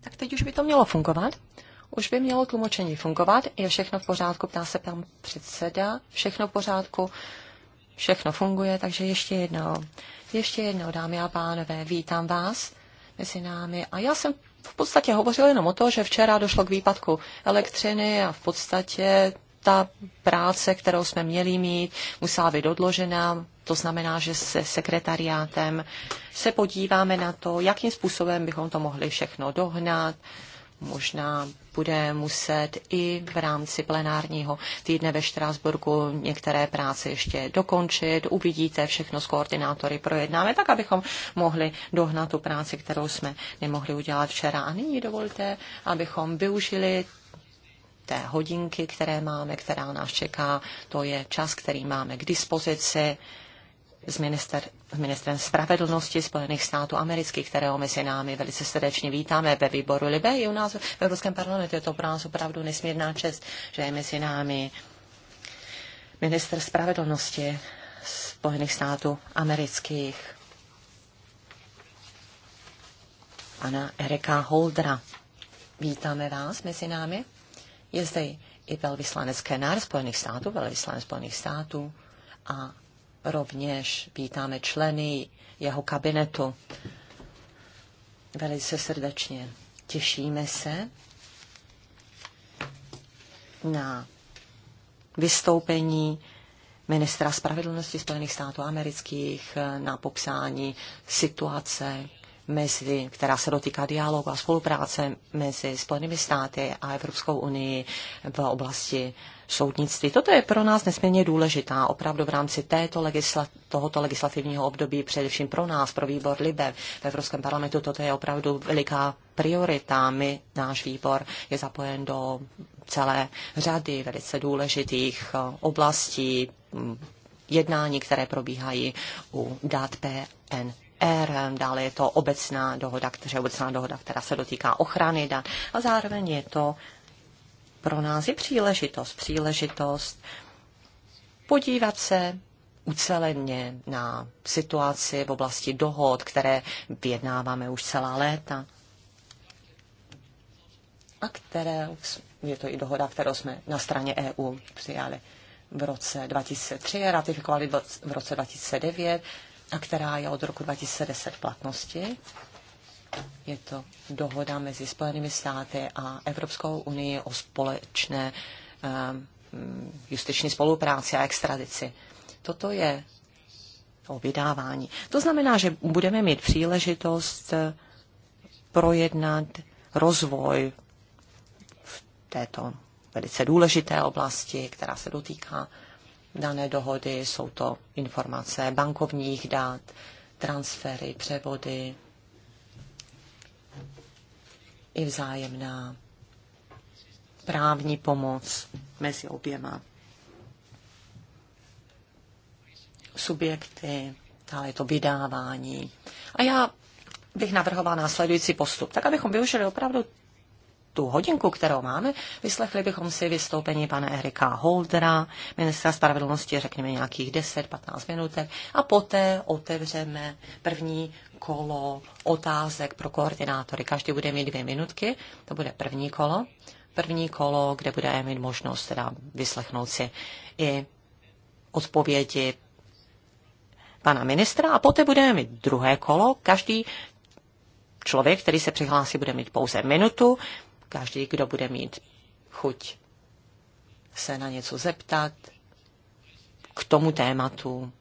Tak teď už by to mělo fungovat. Už by mělo tlumočení fungovat. Je všechno v pořádku, ptá se tam předseda. Všechno v pořádku, všechno funguje, takže ještě jednou. Ještě jednou, dámy a pánové, vítám vás mezi námi. A já jsem v podstatě hovořil jenom o to, že včera došlo k výpadku elektřiny a v podstatě ta práce, kterou jsme měli mít, musela být odložena. To znamená, že se sekretariátem se podíváme na to, jakým způsobem bychom to mohli všechno dohnat. Možná bude muset i v rámci plenárního týdne ve Štrásburku některé práce ještě dokončit. Uvidíte, všechno s koordinátory projednáme, tak abychom mohli dohnat tu práci, kterou jsme nemohli udělat včera. A nyní dovolte, abychom využili té hodinky, které máme, která nás čeká. To je čas, který máme k dispozici s, minister, ministrem spravedlnosti Spojených států amerických, kterého si námi velice srdečně vítáme ve výboru Libé I u nás v Evropském parlamentu je to pro nás opravdu nesmírná čest, že je mezi námi minister spravedlnosti Spojených států amerických. Pana Erika Holdra. Vítáme vás mezi námi. Je zde i velvyslanec Kenar Spojených států, velvyslanec Spojených států a rovněž vítáme členy jeho kabinetu. Velice srdečně těšíme se na vystoupení ministra spravedlnosti Spojených států amerických na popsání situace mezi, která se dotýká dialogu a spolupráce mezi Spojenými státy a Evropskou unii v oblasti soudnictví. Toto je pro nás nesmírně důležitá, opravdu v rámci této legisla- tohoto legislativního období, především pro nás, pro výbor LIBE v Evropském parlamentu, toto je opravdu veliká priorita. My, náš výbor je zapojen do celé řady velice důležitých eh, oblastí mm, jednání, které probíhají u dat PN. GDPR, dále je to obecná dohoda, která obecná dohoda, která se dotýká ochrany dat a zároveň je to pro nás i příležitost, příležitost podívat se uceleně na situaci v oblasti dohod, které vyjednáváme už celá léta a které, je to i dohoda, kterou jsme na straně EU přijali v roce 2003, ratifikovali v roce 2009 a která je od roku 2010 v platnosti. Je to dohoda mezi Spojenými státy a Evropskou unii o společné um, justiční spolupráci a extradici. Toto je o vydávání. To znamená, že budeme mít příležitost eh, projednat rozvoj v této velice důležité oblasti, která se dotýká dané dohody, jsou to informace bankovních dát, transfery, převody i vzájemná právní pomoc mezi oběma subjekty, dále je to vydávání. A já bych navrhoval následující postup, tak abychom využili opravdu tu hodinku, kterou máme, vyslechli bychom si vystoupení pana Erika Holdera, ministra spravedlnosti, řekněme nějakých 10-15 minutek, a poté otevřeme první kolo otázek pro koordinátory. Každý bude mít dvě minutky, to bude první kolo. První kolo, kde bude mít možnost teda vyslechnout si i odpovědi pana ministra a poté budeme mít druhé kolo. Každý člověk, který se přihlásí, bude mít pouze minutu každý, kdo bude mít chuť se na něco zeptat k tomu tématu,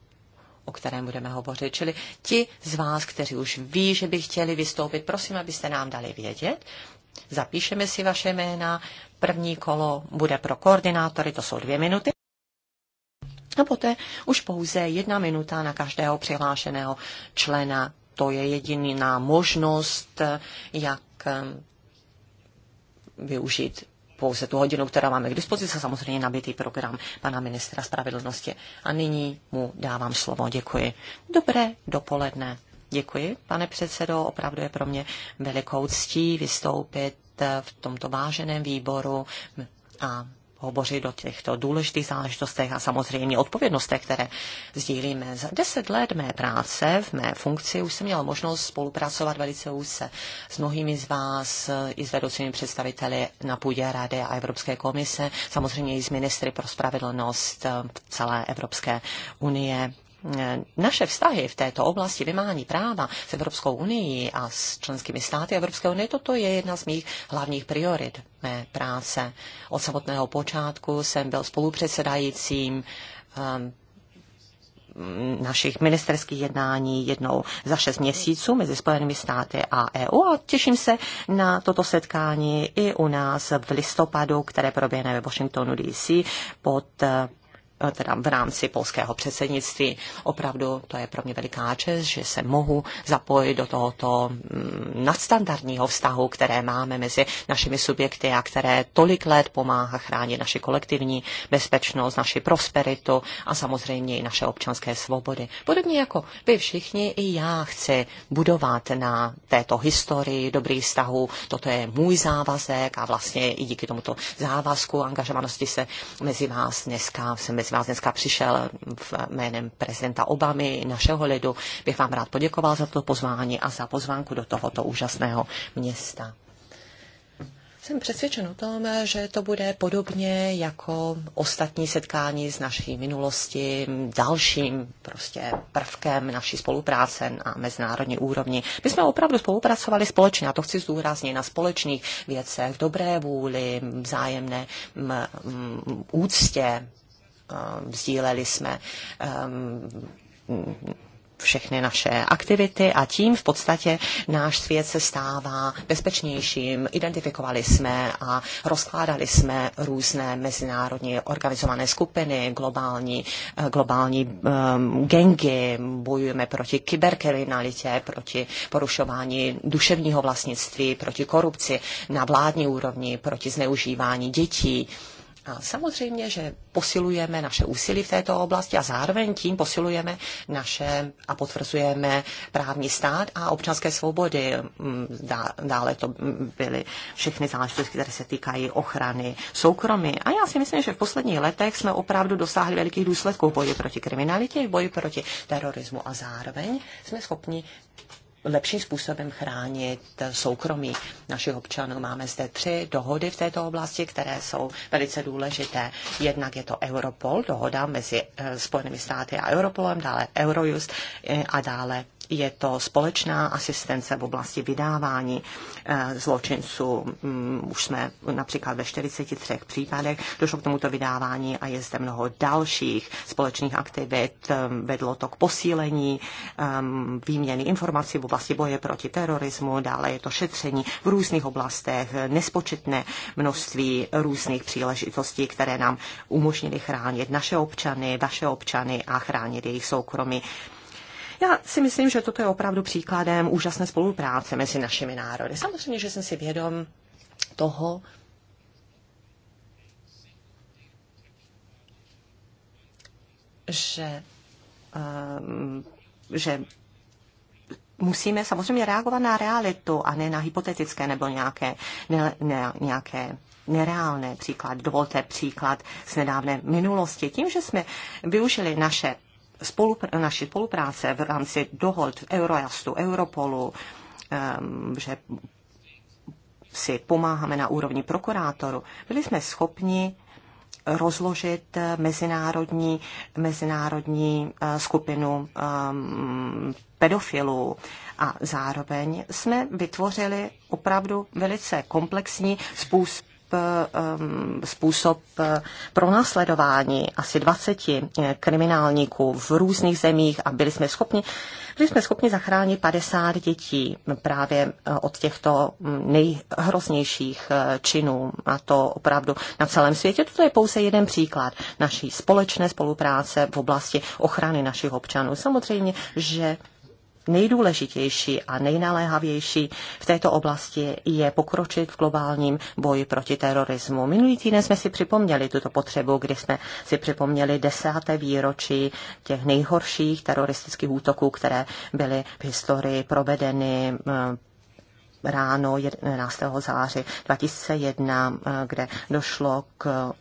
o kterém budeme hovořit. Čili ti z vás, kteří už ví, že by chtěli vystoupit, prosím, abyste nám dali vědět. Zapíšeme si vaše jména. První kolo bude pro koordinátory, to jsou dvě minuty. A poté už pouze jedna minuta na každého přihlášeného člena. To je jediná možnost, jak využít pouze tu hodinu, která máme k dispozici, samozřejmě nabitý program pana ministra spravedlnosti. A nyní mu dávám slovo. Děkuji. Dobré dopoledne. Děkuji, pane předsedo. Opravdu je pro mě velikou ctí vystoupit v tomto váženém výboru a hovořit o těchto důležitých záležitostech a samozřejmě odpovědnostech, které sdílíme. Za deset let mé práce v mé funkci už jsem měla možnost spolupracovat velice úzce s mnohými z vás, i s vedoucími představiteli na půdě Rady a Evropské komise, samozřejmě i s ministry pro spravedlnost eh, celé Evropské unie Eh, naše vztahy v této oblasti vymání práva s Evropskou unii a s členskými státy Evropské unie, toto je jedna z mých hlavních priorit mé práce. Od samotného počátku jsem byl spolupředsedajícím um, našich ministerských jednání jednou za šest měsíců mezi Spojenými státy a EU a těším se na toto setkání i u nás v listopadu, které proběhne ve Washingtonu DC pod eh, Eh, teda v rámci polského předsednictví. Opravdu to je pro mě veliká čest, že se mohu zapojit do tohoto mm, nadstandardního vztahu, které máme mezi našimi subjekty a které tolik let pomáhá chránit naši kolektivní bezpečnost, naši prosperitu a samozřejmě i naše občanské svobody. Podobně jako vy všichni, i já chci budovat na této historii dobrých vztahů. Toto je můj závazek a vlastně i díky tomuto závazku angažovanosti se mezi vás dneska jsem mezi z vás dneska přišel v jménem prezidenta Obamy, našeho lidu. Bych vám rád poděkoval za to pozvání a za pozvánku do tohoto úžasného města. Jsem přesvědčen o tom, že to bude podobně jako ostatní setkání z naší minulosti, dalším prostě prvkem naší spolupráce na mezinárodní úrovni. My jsme opravdu spolupracovali společně, a to chci zdůraznit, na společných věcech, dobré vůli, vzájemné úctě, Eh, sdíleli jsme ehm, všechny naše aktivity a tím v podstatě náš svět se stává bezpečnějším. Identifikovali jsme a rozkládali jsme různé mezinárodní organizované skupiny, globální, eh, globální um, gengy, bojujeme proti kyberkriminalitě, proti porušování duševního vlastnictví, proti korupci na vládní úrovni, proti zneužívání dětí. Um, a samozřejmě, že posilujeme naše úsilí v této oblasti a zároveň tím posilujeme naše a potvrzujeme právní stát a občanské svobody. Mm, dále to byly všechny záležitosti, které se týkají ochrany soukromí. A já si myslím, že v posledních letech jsme opravdu dosáhli velikých důsledků v boji proti kriminalitě, v boji proti terorismu a zároveň jsme schopni lepším způsobem chránit soukromí našich občanů. Máme zde tři dohody v této oblasti, které jsou velice důležité. Jednak je to Europol, dohoda mezi eh, Spojenými státy a Europolem, dále Eurojust eh, a dále je to společná asistence v oblasti vydávání eh, zločinců. Mm, už jsme například ve 43 případech došlo k tomuto vydávání a je zde mnoho dalších společných aktivit. Eh, vedlo to k posílení eh, výměny informací v oblasti boje proti terorismu, dále je to šetření v různých oblastech, nespočetné množství různých příležitostí, které nám umožnily chránit naše občany, vaše občany a chránit jejich soukromí. Já si myslím, že toto je opravdu příkladem úžasné spolupráce mezi našimi národy. Samozřejmě, že jsem si vědom toho, že, um, že musíme samozřejmě reagovat na realitu a ne na hypotetické nebo nějaké, ne, ne, nějaké nereálné příklad. Dovolte příklad z nedávné minulosti. Tím, že jsme využili naše spolupr- naší spolupráce v rámci dohod Eurojastu, Europolu, ehm, že si pomáháme na úrovni prokurátoru, byli jsme schopni rozložit mezinárodní, mezinárodní eh, skupinu um, pedofilů. A zároveň jsme vytvořili opravdu velice komplexní způsob způsob ehm, eh, pronásledování asi 20 eh, kriminálníků v různých zemích a byli jsme schopni, byli jsme schopni zachránit 50 dětí právě eh, od těchto hm, nejhroznějších činů a to opravdu na celém světě. Toto je pouze jeden příklad naší společné spolupráce v oblasti ochrany našich občanů. Samozřejmě, že nejdůležitější a nejnaléhavější v této oblasti je pokročit v globálním boji proti terorismu. Minulý týden jsme si připomněli tuto potřebu, kdy jsme si připomněli desáté výročí těch nejhorších teroristických útoků, které byly v historii provedeny eh, ráno 11. září 2001, eh, kde došlo k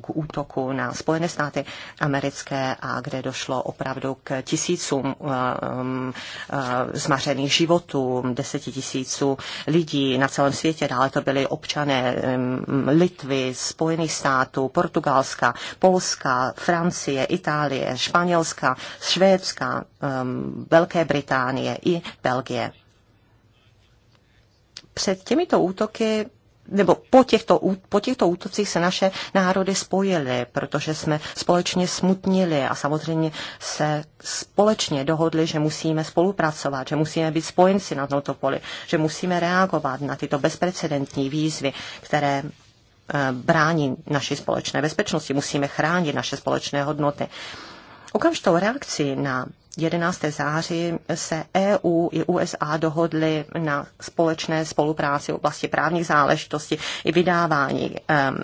k útoku na Spojené státy americké a kde došlo opravdu k tisícům eh, eh, zmařených životů, tisíců lidí na celém světě. Dále to byly občané mm, Litvy, Spojených států, Portugalska, Polska, Francie, Itálie, Španělska, Švédska, eh, Velké Británie i Belgie. Před těmito útoky nebo po těchto, po těchto útocích se naše národy spojily, protože jsme společně smutnili a samozřejmě se společně dohodli, že musíme spolupracovat, že musíme být spojenci na tomto poli, že musíme reagovat na tyto bezprecedentní výzvy, které eh, brání naší společné bezpečnosti, musíme chránit naše společné hodnoty. Okamžitou reakci na 11. září se EU i USA dohodly na společné spolupráci v oblasti právních záležitostí i vydávání um,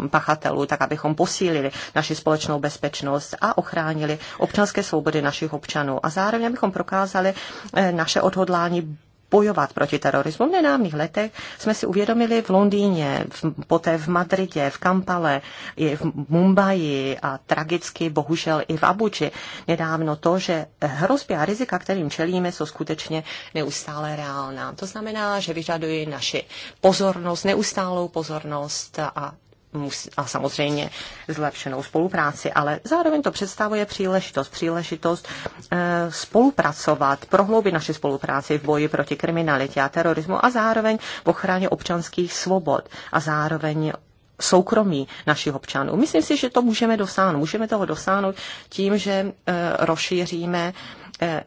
um, pachatelů, tak abychom posílili naši společnou bezpečnost a ochránili občanské svobody našich občanů. A zároveň abychom prokázali eh, naše odhodlání bojovat proti terorismu. V nedávných letech jsme si uvědomili v Londýně, v, poté v Madridě, v Kampale, i v Mumbai a tragicky bohužel i v Abuči nedávno to, že hrozby a rizika, kterým čelíme, jsou skutečně neustále reálná. To znamená, že vyžadují naši pozornost, neustálou pozornost a a samozřejmě zlepšenou spolupráci, ale zároveň to představuje příležitost, příležitost eh, spolupracovat, prohloubit naši spolupráci v boji proti kriminalitě a terorismu a zároveň v ochraně občanských svobod a zároveň soukromí našich občanů. Myslím si, že to můžeme dosáhnout. Můžeme toho dosáhnout tím, že eh, rozšíříme eh,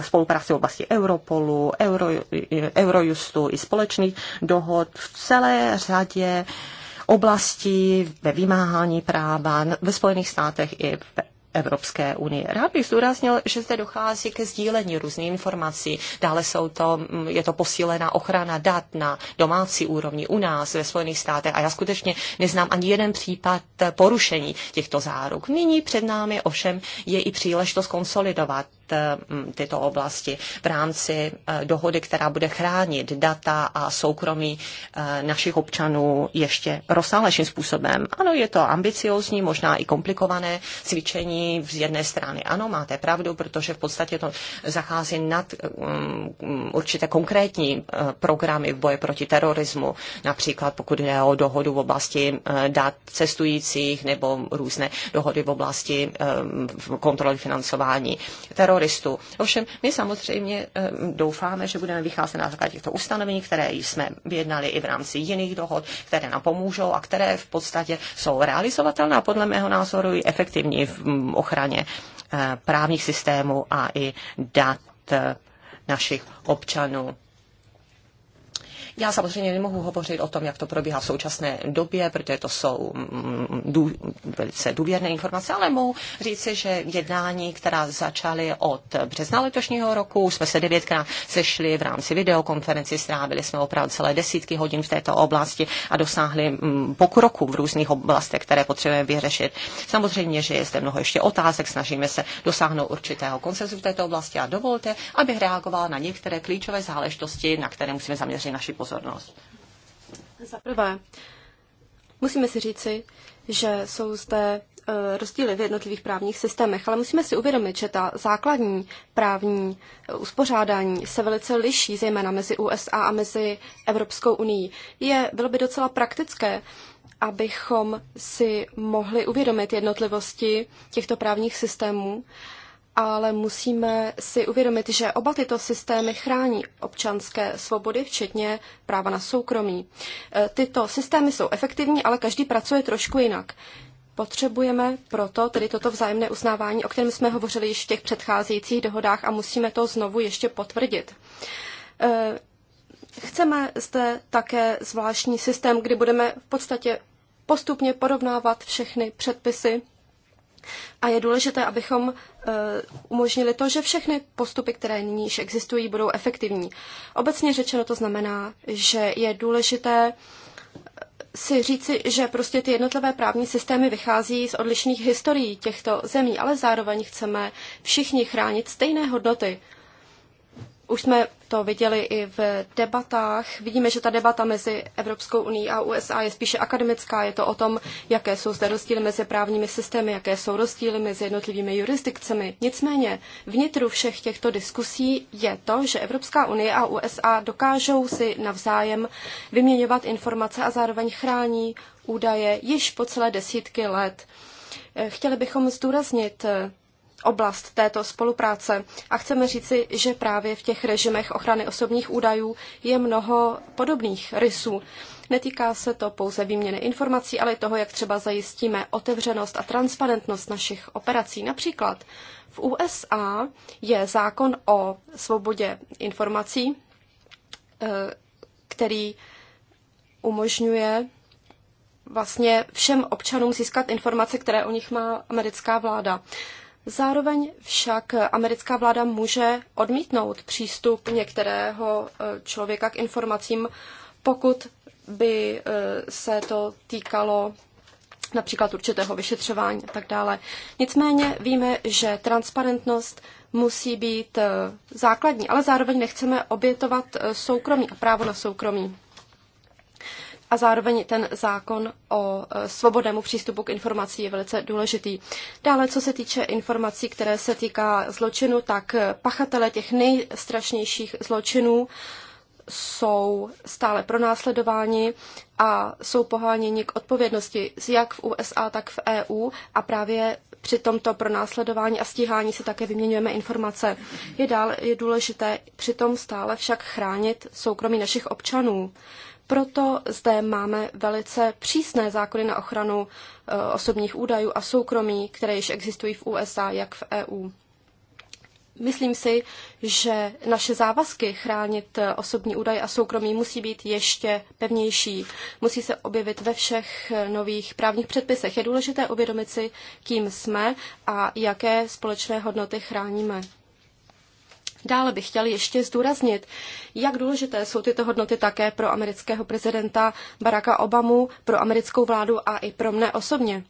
spolupráci v oblasti Europolu, Euro, Eurojustu i společných dohod v celé řadě oblasti ve vymáhání práva ve Spojených státech i v Evropské unii. Rád bych zdůraznil, že zde dochází ke sdílení různých informací. Dále jsou to, mm, je to posílená ochrana dat na domácí úrovni u nás ve Spojených státech a já skutečně neznám ani jeden případ porušení těchto záruk. Nyní před námi ovšem je i příležitost konsolidovat Eh, tyto oblasti v rámci eh, dohody, která bude chránit data a soukromí eh, našich občanů ještě rozsáhlejším způsobem. Ano, je to ambiciozní, možná i komplikované cvičení z jedné strany. Ano, máte pravdu, protože v podstatě to zachází nad určité konkrétní programy v boji proti terorismu, například pokud jde o dohodu v oblasti dat cestujících nebo různé dohody v oblasti kontroly financování terorismu teroristů. Ovšem, my samozřejmě eh, doufáme, že budeme vycházet na základě těchto ustanovení, které jsme vyjednali i v rámci jiných dohod, které nám pomůžou a které v podstatě jsou realizovatelné a podle mého názoru i efektivní v mm, ochraně eh, právních systémů a i dat eh, našich občanů. Já samozřejmě nemohu hovořit o tom, jak to probíhá v současné době, protože to jsou mm, mm, dů, velice důvěrné informace, ale mohu říci, že jednání, která začaly od března letošního roku, jsme se devětkrát sešli v rámci videokonferenci, strávili jsme opravdu celé desítky hodin v této oblasti a dosáhli mm, pokroku v různých oblastech, které potřebujeme vyřešit. Samozřejmě, že je zde mnoho ještě otázek, snažíme se dosáhnout určitého konsenzu v této oblasti a dovolte, abych reagovala na některé klíčové záležitosti, na které musíme zaměřit naši pozornost. Za prvé, musíme si říci, že jsou zde e, rozdíly v jednotlivých právních systémech, ale musíme si uvědomit, že ta základní právní e, uspořádání se velice liší, zejména mezi USA a mezi Evropskou unii. Je, bylo by docela praktické, abychom si mohli uvědomit jednotlivosti těchto právních systémů ale musíme si uvědomit, že oba tyto systémy chrání občanské svobody, včetně práva na soukromí. E, tyto systémy jsou efektivní, ale každý pracuje trošku jinak. Potřebujeme proto tedy toto vzájemné uznávání, o kterém jsme hovořili již v těch předcházejících dohodách a musíme to znovu ještě potvrdit. E, chceme zde také zvláštní systém, kdy budeme v podstatě postupně porovnávat všechny předpisy a je důležité, abychom eh, umožnili to, že všechny postupy, které nyní již existují, budou efektivní. Obecně řečeno to znamená, že je důležité eh, si říci, že prostě ty jednotlivé právní systémy vychází z odlišných historií těchto zemí, ale zároveň chceme všichni chránit stejné hodnoty. Už jsme to viděli i v debatách. Vidíme, že ta debata mezi Evropskou unii a USA je spíše akademická. Je to o tom, jaké jsou zde rozdíly mezi právními systémy, jaké jsou rozdíly mezi jednotlivými jurisdikcemi. Nicméně vnitru všech těchto diskusí je to, že Evropská unie a USA dokážou si navzájem vyměňovat informace a zároveň chrání údaje již po celé desítky let. Chtěli bychom zdůraznit oblast této spolupráce. A chceme říci, že právě v těch režimech ochrany osobních údajů je mnoho podobných rysů. Netýká se to pouze výměny informací, ale i toho, jak třeba zajistíme otevřenost a transparentnost našich operací. Například v USA je zákon o svobodě informací, eh, který umožňuje vlastně všem občanům získat informace, které o nich má americká vláda. Zároveň však americká vláda může odmítnout přístup některého eh, člověka k informacím, pokud by eh, se to týkalo například určitého vyšetřování a tak dále. Nicméně víme, že transparentnost musí být eh, základní, ale zároveň nechceme obětovat soukromí a právo na soukromí a zároveň ten zákon o e, svobodnému přístupu k informací je velice důležitý. Dále, co se týče informací, které se týká zločinu, tak e, pachatele těch nejstrašnějších zločinů jsou stále pronásledováni a jsou poháněni k odpovědnosti jak v USA, tak v EU a právě při tomto pronásledování a stíhání se také vyměňujeme informace. Je dál je důležité přitom stále však chránit soukromí našich občanů. Proto zde máme velice přísné zákony na ochranu eh, osobních údajů a soukromí, které již existují v USA, jak v EU. Myslím si, že naše závazky chránit eh, osobní údaje a soukromí musí být ještě pevnější. Musí se objevit ve všech eh, nových právních předpisech. Je důležité uvědomit si, kým jsme a jaké společné hodnoty chráníme. Dále bych chtěl ještě zdůraznit, jak důležité jsou tyto hodnoty také pro amerického prezidenta Baracka Obamu, pro americkou vládu a i pro mne osobně.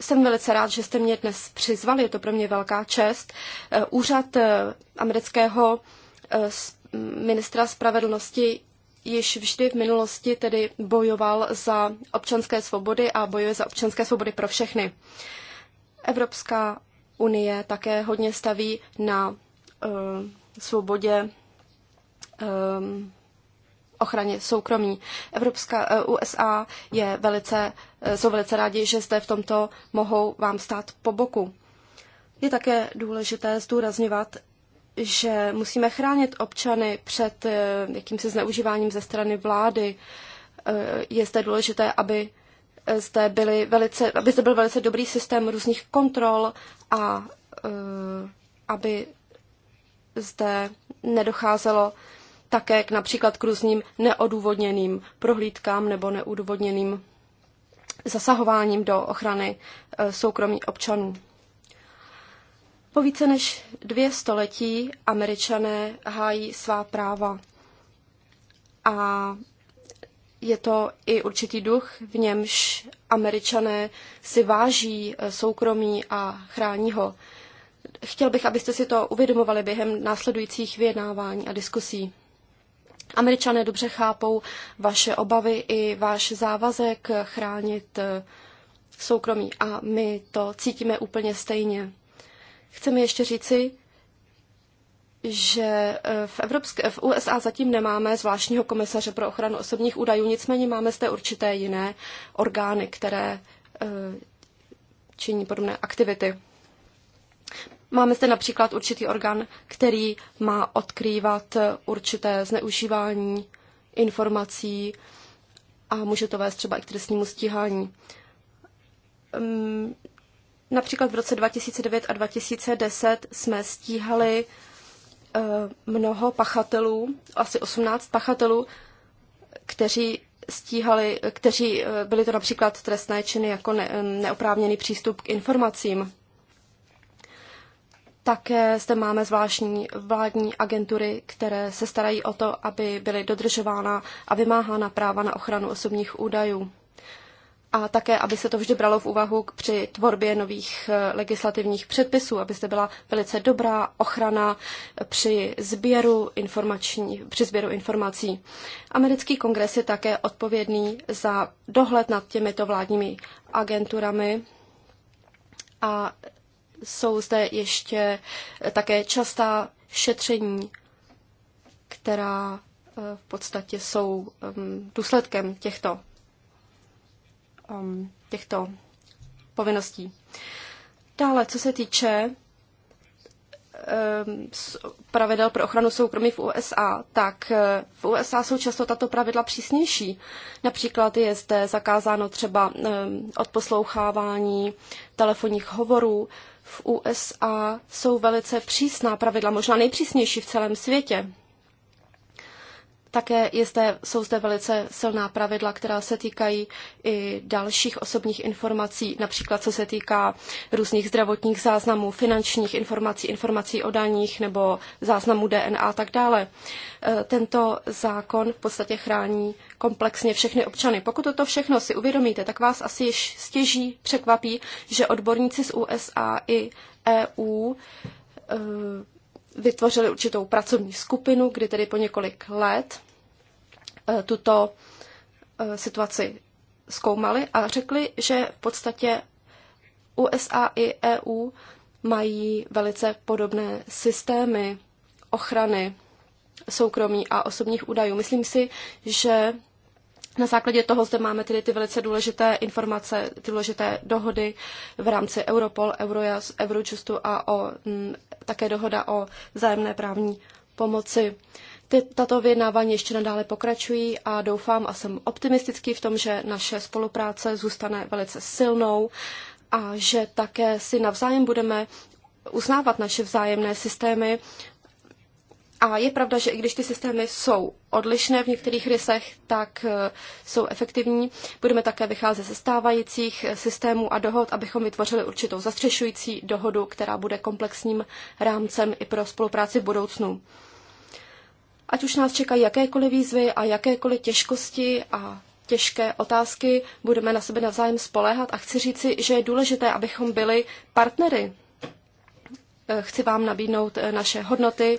Jsem velice rád, že jste mě dnes přizvali, je to pro mě velká čest. Eh, úřad eh, amerického eh, ministra spravedlnosti již vždy v minulosti tedy bojoval za občanské svobody a bojuje za občanské svobody pro všechny. Evropská unie také hodně staví na Eh, svobodě eh, ochraně soukromí. Evropská eh, USA je velice, jsou velice rádi, že jste v tomto mohou vám stát po boku. Je také důležité zdůrazňovat, že musíme chránit občany před jakýmsi zneužíváním ze strany vlády. Je zde důležité, aby zde, byly velice, aby zde byl velice dobrý systém různých kontrol a aby zde nedocházelo také k například k různým neodůvodněným prohlídkám nebo neodůvodněným zasahováním do ochrany eh, soukromí občanů. Po více než dvě století američané hájí svá práva. A je to i určitý duch, v němž američané si váží eh, soukromí a chrání ho. Chtěl bych, abyste si to uvědomovali během následujících vyjednávání a diskusí. Američané dobře chápou vaše obavy i váš závazek chránit eh, soukromí a my to cítíme úplně stejně. Chceme ještě říci, že eh, v, Evropské, v USA zatím nemáme zvláštního komisaře pro ochranu osobních údajů, nicméně máme zde určité jiné orgány, které eh, činí podobné aktivity. Máme zde například určitý orgán, který má odkrývat určité zneužívání informací a může to vést třeba i k trestnímu stíhání. Ehm, například v roce 2009 a 2010 jsme stíhali eh, mnoho pachatelů, asi 18 pachatelů, kteří stíhali, kteří eh, byli to například trestné činy jako ne, neoprávněný přístup k informacím. Také zde máme zvláštní vládní agentury, které se starají o to, aby byly dodržována a vymáhána práva na ochranu osobních údajů. A také, aby se to vždy bralo v úvahu při tvorbě nových eh, legislativních předpisů, aby zde byla velice dobrá ochrana eh, při sběru, informační, při sběru informací. Americký kongres je také odpovědný za dohled nad těmito vládními agenturami a jsou zde ještě eh, také častá šetření, která eh, v podstatě jsou ehm, důsledkem těchto, ehm, těchto povinností. Dále, co se týče Ehm, pravidel pro ochranu soukromí v USA, tak eh, v USA jsou často tato pravidla přísnější. Například je zde zakázáno třeba ehm, odposlouchávání telefonních hovorů. V USA jsou velice přísná pravidla, možná nejpřísnější v celém světě. Také je zde, jsou zde velice silná pravidla, která se týkají i dalších osobních informací, například co se týká různých zdravotních záznamů, finančních informací, informací o daních nebo záznamů DNA a tak dále. E, tento zákon v podstatě chrání komplexně všechny občany. Pokud toto všechno si uvědomíte, tak vás asi již stěží překvapí, že odborníci z USA i EU e, vytvořili určitou pracovní skupinu, kdy tedy po několik let e, tuto e, situaci zkoumali a řekli, že v podstatě USA i EU mají velice podobné systémy ochrany soukromí a osobních údajů. Myslím si, že na základě toho zde máme tedy ty velice důležité informace, ty důležité dohody v rámci Europol, Eurojust, Eurojustu a o, m, mm, také dohoda o vzájemné právní pomoci. Ty, tato vyjednávání ještě nadále pokračují a doufám a jsem optimistický v tom, že naše spolupráce zůstane velice silnou a že také si navzájem budeme uznávat naše vzájemné systémy a je pravda, že i když ty systémy jsou odlišné v některých rysech, tak eh, jsou efektivní. Budeme také vycházet ze stávajících eh, systémů a dohod, abychom vytvořili určitou zastřešující dohodu, která bude komplexním rámcem i pro spolupráci v budoucnu. Ať už nás čekají jakékoliv výzvy a jakékoliv těžkosti a těžké otázky, budeme na sebe navzájem spoléhat a chci říci, že je důležité, abychom byli partnery. Eh, chci vám nabídnout naše hodnoty,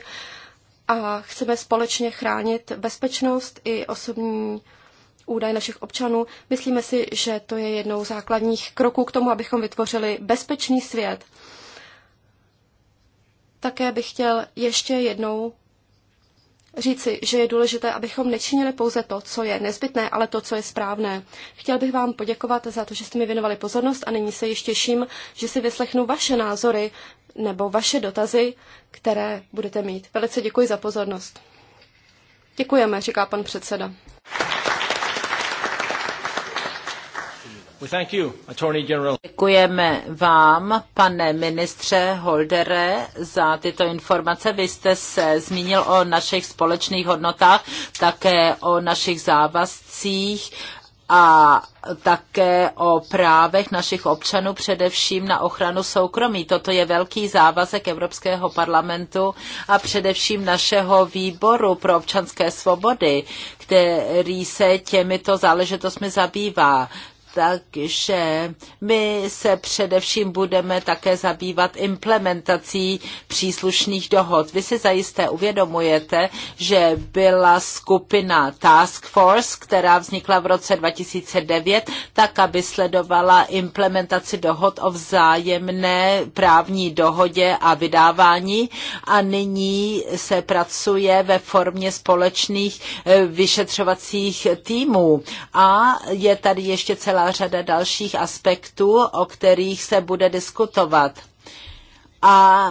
a chceme společně chránit bezpečnost i osobní údaj našich občanů. Myslíme si, že to je jednou z základních kroků k tomu, abychom vytvořili bezpečný svět. Také bych chtěl ještě jednou říci, že je důležité, abychom nečinili pouze to, co je nezbytné, ale to, co je správné. Chtěl bych vám poděkovat za to, že jste mi věnovali pozornost a nyní se již těším, že si vyslechnu vaše názory nebo vaše dotazy, které budete mít. Velice děkuji za pozornost. Děkujeme, říká pan předseda. Děkujeme vám, pane ministře Holdere, za tyto informace. Vy jste se zmínil o našich společných hodnotách, také o našich závazcích a také o právech našich občanů, především na ochranu soukromí. Toto je velký závazek Evropského parlamentu a především našeho výboru pro občanské svobody, který se těmito záležitostmi zabývá takže my se především budeme také zabývat implementací příslušných dohod. Vy si zajisté uvědomujete, že byla skupina Task Force, která vznikla v roce 2009, tak aby sledovala implementaci dohod o vzájemné právní dohodě a vydávání a nyní se pracuje ve formě společných eh, vyšetřovacích týmů. A je tady ještě celá řada dalších aspektů, o kterých se bude diskutovat. A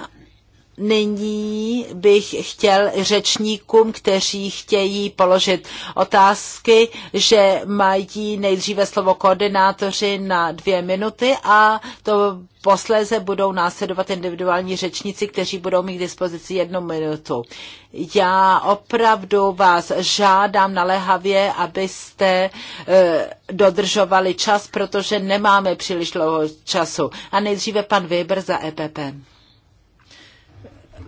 Nyní bych chtěl řečníkům, kteří chtějí položit otázky, že mají nejdříve slovo koordinátoři na dvě minuty a to posléze budou následovat individuální řečníci, kteří budou mít k dispozici jednu minutu. Já opravdu vás žádám naléhavě, abyste e, dodržovali čas, protože nemáme příliš dlouho času. A nejdříve pan Weber za EPP.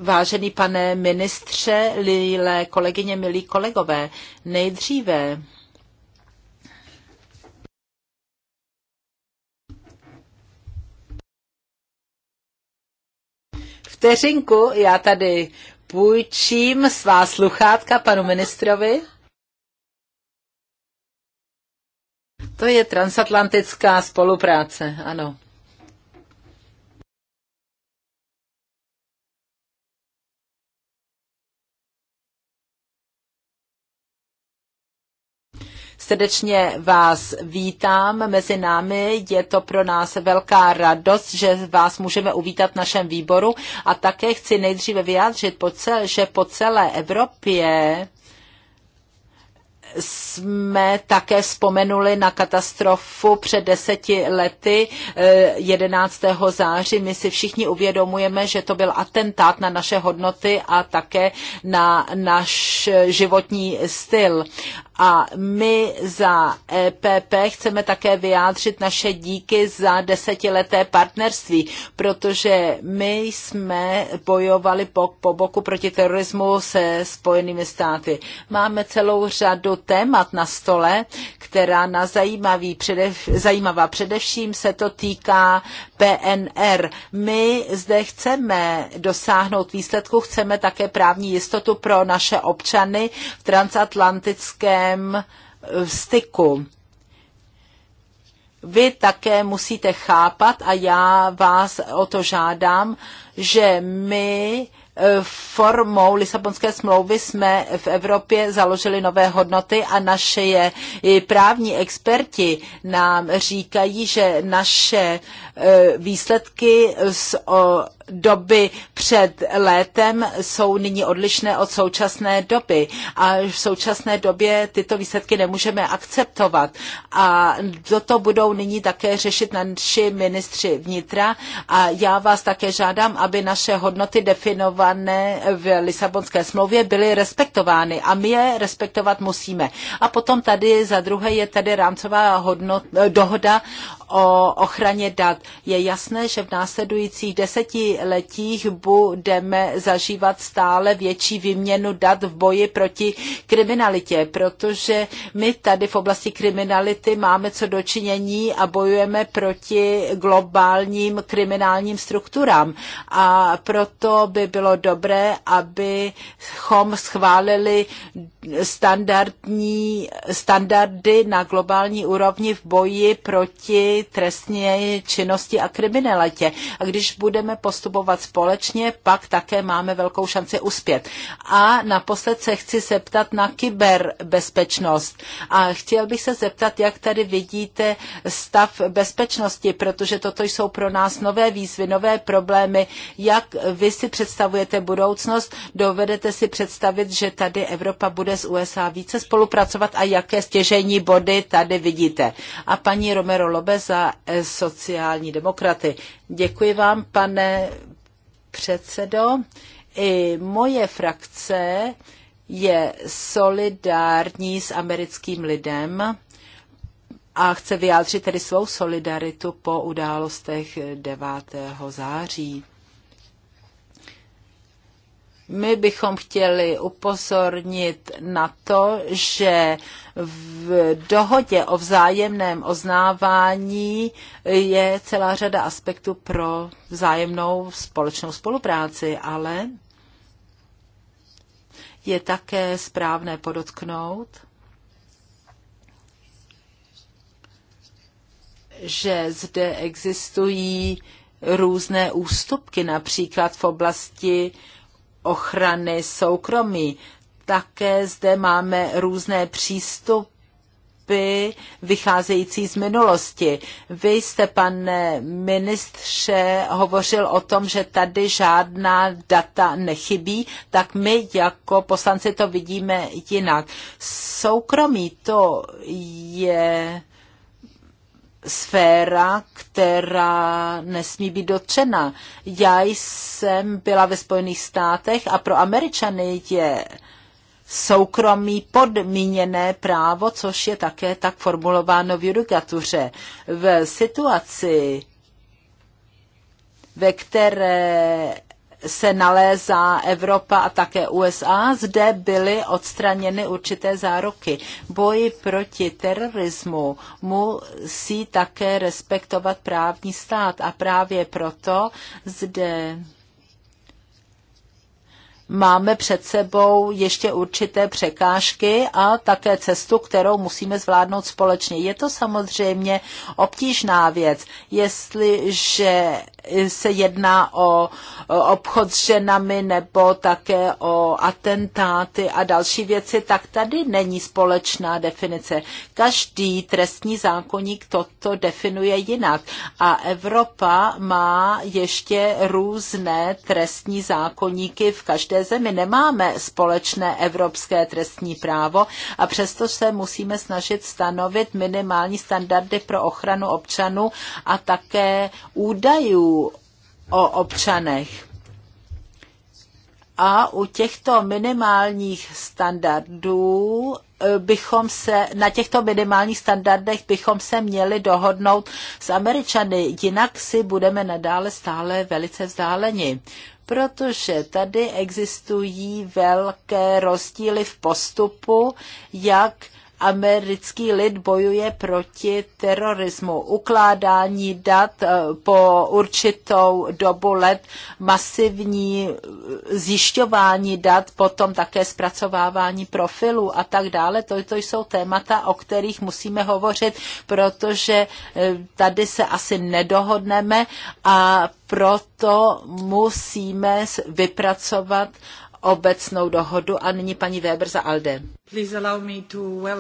Vážený pane ministře, milé kolegyně, milí kolegové, nejdříve vteřinku, já tady půjčím svá sluchátka panu ministrovi. To je transatlantická spolupráce, ano. Srdečně vás vítám mezi námi. Je to pro nás velká radost, že vás můžeme uvítat v našem výboru. A také chci nejdříve vyjádřit, že po celé Evropě jsme také vzpomenuli na katastrofu před deseti lety 11. Eh, září. My si všichni uvědomujeme, že to byl atentát na naše hodnoty a také na náš životní styl. A my za EPP chceme také vyjádřit naše díky za desetileté partnerství, protože my jsme bojovali po, po boku proti terorismu se Spojenými státy. Máme celou řadu témat na stole, která nás zajímavý předev, zajímavá. Především se to týká PNR. My zde chceme dosáhnout výsledku, chceme také právní jistotu pro naše občany v transatlantickém eh, styku vy také musíte chápat a já vás o to žádám, že my formou Lisabonské smlouvy jsme v Evropě založili nové hodnoty a naše právní experti nám říkají, že naše E, výsledky z doby před létem jsou nyní odlišné od současné doby a v současné době tyto výsledky nemůžeme akceptovat. A toto budou nyní také řešit naši ministři vnitra a já vás také žádám, aby naše hodnoty definované v Lisabonské smlouvě byly respektovány a my je respektovat musíme. A potom tady za druhé je tady rámcová hodnot, dohoda o ochraně dat je jasné, že v následujících desetiletích budeme zažívat stále větší výměnu dat v boji proti kriminalitě, protože my tady v oblasti kriminality máme co dočinění a bojujeme proti globálním kriminálním strukturám. A proto by bylo dobré, abychom schválili standardní, standardy na globální úrovni v boji proti trestné činnosti a kriminalitě. A když budeme postupovat společně, pak také máme velkou šanci uspět. A naposled se chci zeptat na kyberbezpečnost. A chtěl bych se zeptat, jak tady vidíte stav bezpečnosti, protože toto jsou pro nás nové výzvy, nové problémy. Jak vy si představujete budoucnost? Dovedete si představit, že tady Evropa bude s USA více spolupracovat a jaké stěžení body tady vidíte. A paní Romero Lobe za eh, sociální demokraty. Děkuji vám, pane předsedo. I moje frakce je solidární s americkým lidem a chce vyjádřit tedy svou solidaritu po událostech 9. září. My bychom chtěli upozornit na to, že v dohodě o vzájemném oznávání je celá řada aspektů pro vzájemnou společnou spolupráci, ale je také správné podotknout, že zde existují různé ústupky, například v oblasti uh, ochrany soukromí. Také zde máme různé přístupy vycházející z minulosti. Vy jste, pane ministře, hovořil o tom, že tady žádná data nechybí, tak my jako poslanci to vidíme jinak. Soukromí to je sféra, která nesmí být dotčena. Já jsem byla ve Spojených státech a pro Američany je soukromí podmíněné právo, což je také tak formulováno v judikatuře. V situaci, ve které se nalézá Evropa a také USA, zde byly odstraněny určité záruky. Boji proti terorismu musí také respektovat právní stát a právě proto zde máme před sebou ještě určité překážky a také cestu, kterou musíme zvládnout společně. Je to samozřejmě obtížná věc, jestliže se jedná o obchod s ženami nebo také o atentáty a další věci, tak tady není společná definice. Každý trestní zákonník toto definuje jinak a Evropa má ještě různé trestní zákonníky v každé členské zemi. Nemáme společné evropské trestní právo a přesto se musíme snažit stanovit minimální standardy pro ochranu občanů a také údajů o občanech. A u těchto minimálních standardů eh, bychom se, na těchto minimálních standardech bychom se měli dohodnout s Američany, jinak si budeme nadále stále velice vzdáleni protože tady existují velké rozdíly v postupu, jak americký lid bojuje proti terorismu. Ukládání dat eh, po určitou dobu let, masivní eh, zjišťování dat, potom také zpracovávání profilů a tak dále. To, to jsou témata, o kterých musíme hovořit, protože eh, tady se asi nedohodneme a proto musíme vypracovat uh, obecnou dohodu a nyní paní Weber za ALDE. Uh,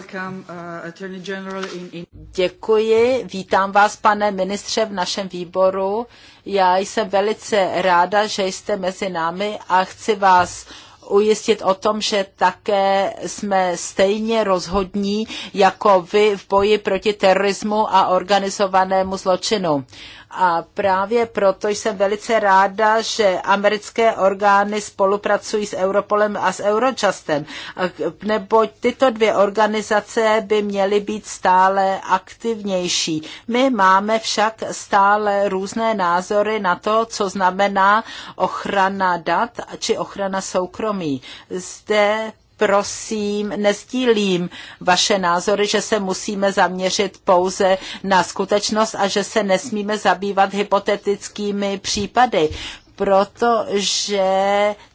Děkuji, vítám vás, pane ministře, v našem výboru. Já jsem velice ráda, že jste mezi námi a chci vás ujistit o tom, že také jsme stejně rozhodní jako vy v boji proti terorismu a organizovanému zločinu. A právě proto jsem velice ráda, že americké orgány spolupracují s Europolem a s Eurojustem, neboť tyto dvě organizace by měly být stále aktivnější. My máme však stále různé názory na to, co znamená ochrana dat či ochrana soukromí. Zde prosím, nezdílím vaše názory, že se musíme zaměřit pouze na skutečnost a že se nesmíme zabývat hypotetickými případy, protože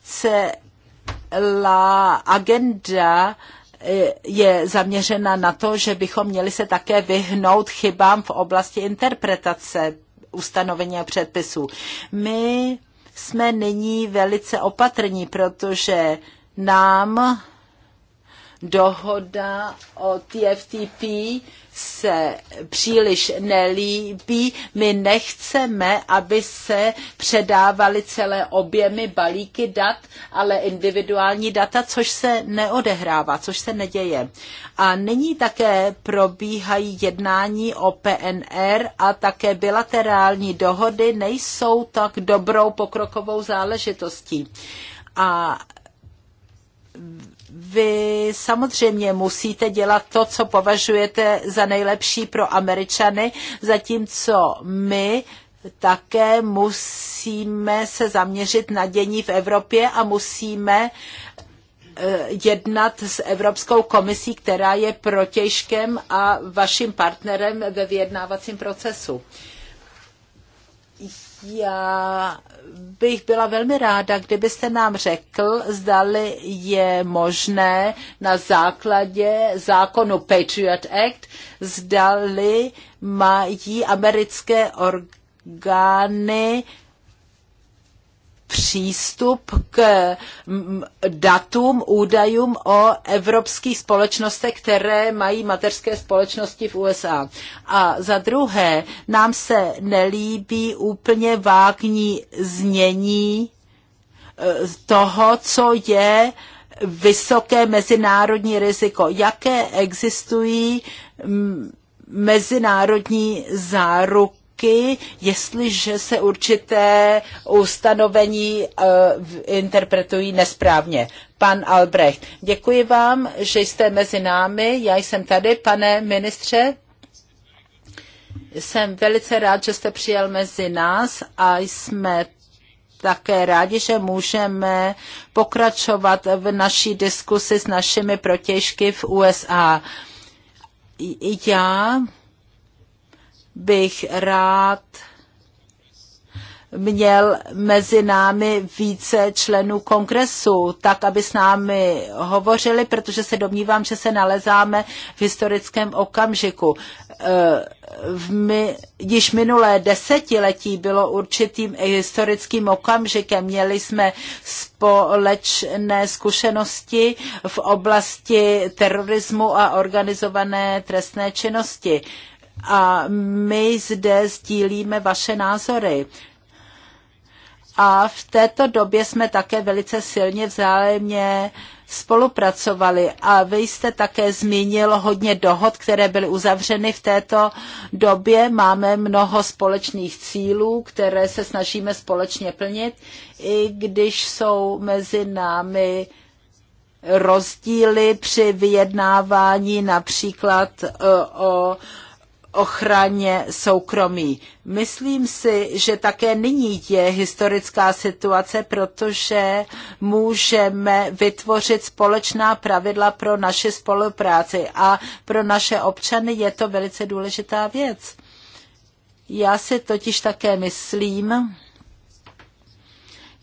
celá agenda eh, je zaměřena na to, že bychom měli se také vyhnout chybám v oblasti interpretace ustanovení a předpisů. My jsme nyní velice opatrní, protože nám Dohoda o TFTP se příliš nelíbí. My nechceme, aby se předávaly celé objemy balíky dat, ale individuální data, což se neodehrává, což se neděje. A nyní také probíhají jednání o PNR a také bilaterální dohody nejsou tak dobrou pokrokovou záležitostí. A vy samozřejmě musíte dělat to, co považujete za nejlepší pro Američany, zatímco my také musíme se zaměřit na dění v Evropě a musíme eh, jednat s Evropskou komisí, která je protěžkem a vaším partnerem ve vyjednávacím procesu. Já bych byla velmi ráda, kdybyste nám řekl, zdali je možné na základě zákonu Patriot Act, zdali mají americké orgány přístup k datům, údajům o evropských společnostech, které mají mateřské společnosti v USA. A za druhé, nám se nelíbí úplně vágní znění e, toho, co je vysoké mezinárodní riziko. Jaké existují mezinárodní záruky? výjimky, jestliže se určité ustanovení eh, interpretují nesprávně. Pan Albrecht, děkuji vám, že jste mezi námi. Já jsem tady, pane ministře. Jsem velice rád, že jste přijel mezi nás a jsme také rádi, že můžeme pokračovat v naší diskusi s našimi protěžky v USA. Já bych rád měl mezi námi více členů kongresu, tak aby s námi hovořili, protože se domnívám, že se nalezáme v historickém okamžiku. Eh, v mi, již minulé desetiletí bylo určitým historickým okamžikem. Měli jsme společné zkušenosti v oblasti terorismu a organizované trestné činnosti. Uh, a my zde sdílíme vaše názory. A v této době jsme také velice silně vzájemně spolupracovali. A vy jste také zmínil hodně dohod, které byly uzavřeny v této době. Máme mnoho společných cílů, které se snažíme společně plnit, i když jsou mezi námi rozdíly při vyjednávání například e, o ochraně soukromí. Myslím si, že také nyní je historická situace, protože můžeme vytvořit společná pravidla pro naši spolupráci a pro naše občany je to velice důležitá věc. Já si totiž také myslím,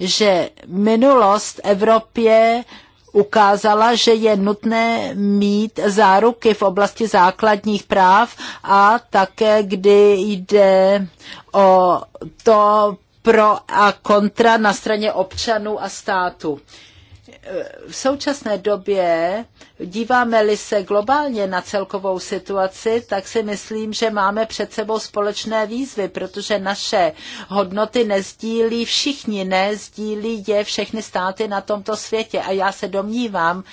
že minulost Evropě ukázala, že je nutné mít záruky v oblasti základních práv a také, kdy jde o to pro a kontra na straně občanů a státu v současné době, díváme-li se globálně na celkovou situaci, tak si myslím, že máme před sebou společné výzvy, protože naše hodnoty nezdílí všichni, nezdílí je všechny státy na tomto světě. A já se domnívám,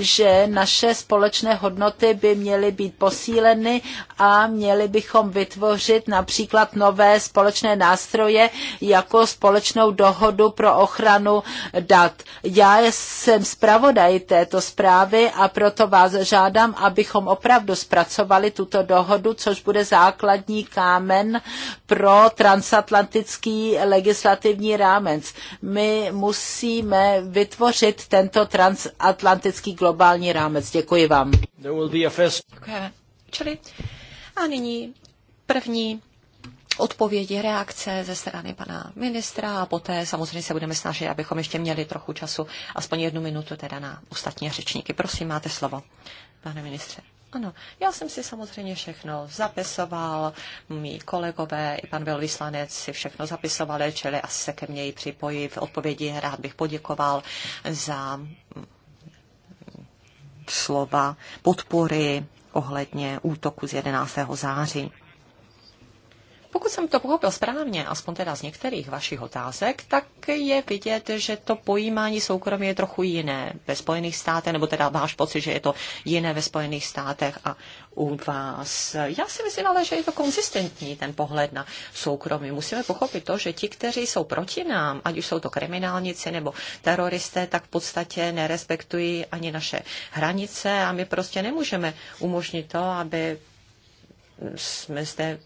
že naše společné hodnoty by měly být posíleny a měli bychom vytvořit například nové společné nástroje jako společnou dohodu pro ochranu dat. Já jsem zpravodaj této zprávy a proto vás žádám, abychom opravdu zpracovali tuto dohodu, což bude základní kámen pro transatlantický legislativní rámec. My musíme vytvořit tento transatlantický globální globální rámec. Děkuji vám. Čili a nyní první odpovědi, reakce ze strany pana ministra a poté samozřejmě se budeme snažit, abychom ještě měli trochu času, aspoň jednu minutu teda na ostatní řečníky. Prosím, máte slovo, pane ministře. Ano, já jsem si samozřejmě všechno zapisoval, mý kolegové i pan velvyslanec si všechno zapisovali, čili asi se ke mně i připojí v odpovědi. Rád bych poděkoval za slova podpory ohledně útoku z 11. září. Pokud jsem to pochopil správně, aspoň teda z některých vašich otázek, tak je vidět, že to pojímání soukromí je trochu jiné ve Spojených státech, nebo teda váš pocit, že je to jiné ve Spojených státech a u vás. Já si myslím ale, že je to konzistentní ten pohled na soukromí. Musíme pochopit to, že ti, kteří jsou proti nám, ať už jsou to kriminálníci nebo teroristé, tak v podstatě nerespektují ani naše hranice a my prostě nemůžeme umožnit to, aby jsme zde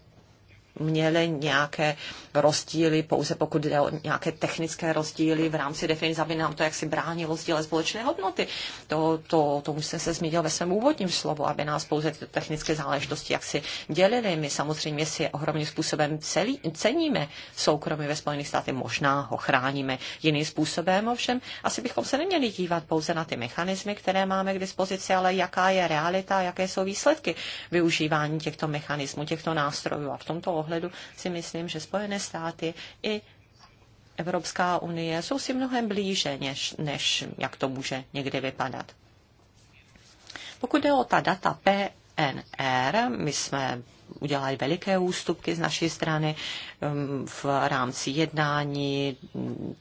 měli nějaké rozdíly, pouze pokud jde o nějaké technické rozdíly v rámci definice, aby nám to jaksi bránilo sdíle společné hodnoty. To, to, to už jsem se zmínil ve svém úvodním slovu, aby nás pouze ty technické záležitosti jaksi dělili My samozřejmě si ohromným způsobem celý, ceníme soukromí ve Spojených státech, možná ho chráníme jiným způsobem, ovšem asi bychom se neměli dívat pouze na ty mechanismy, které máme k dispozici, ale jaká je realita, jaké jsou výsledky využívání těchto mechanismů, těchto nástrojů. A v tomto pohledu si myslím, že Spojené státy i Evropská unie jsou si mnohem blíže, než, než jak to může někdy vypadat. Pokud jde o ta data PNR, my jsme udělali veliké ústupky z naší strany um, v rámci jednání.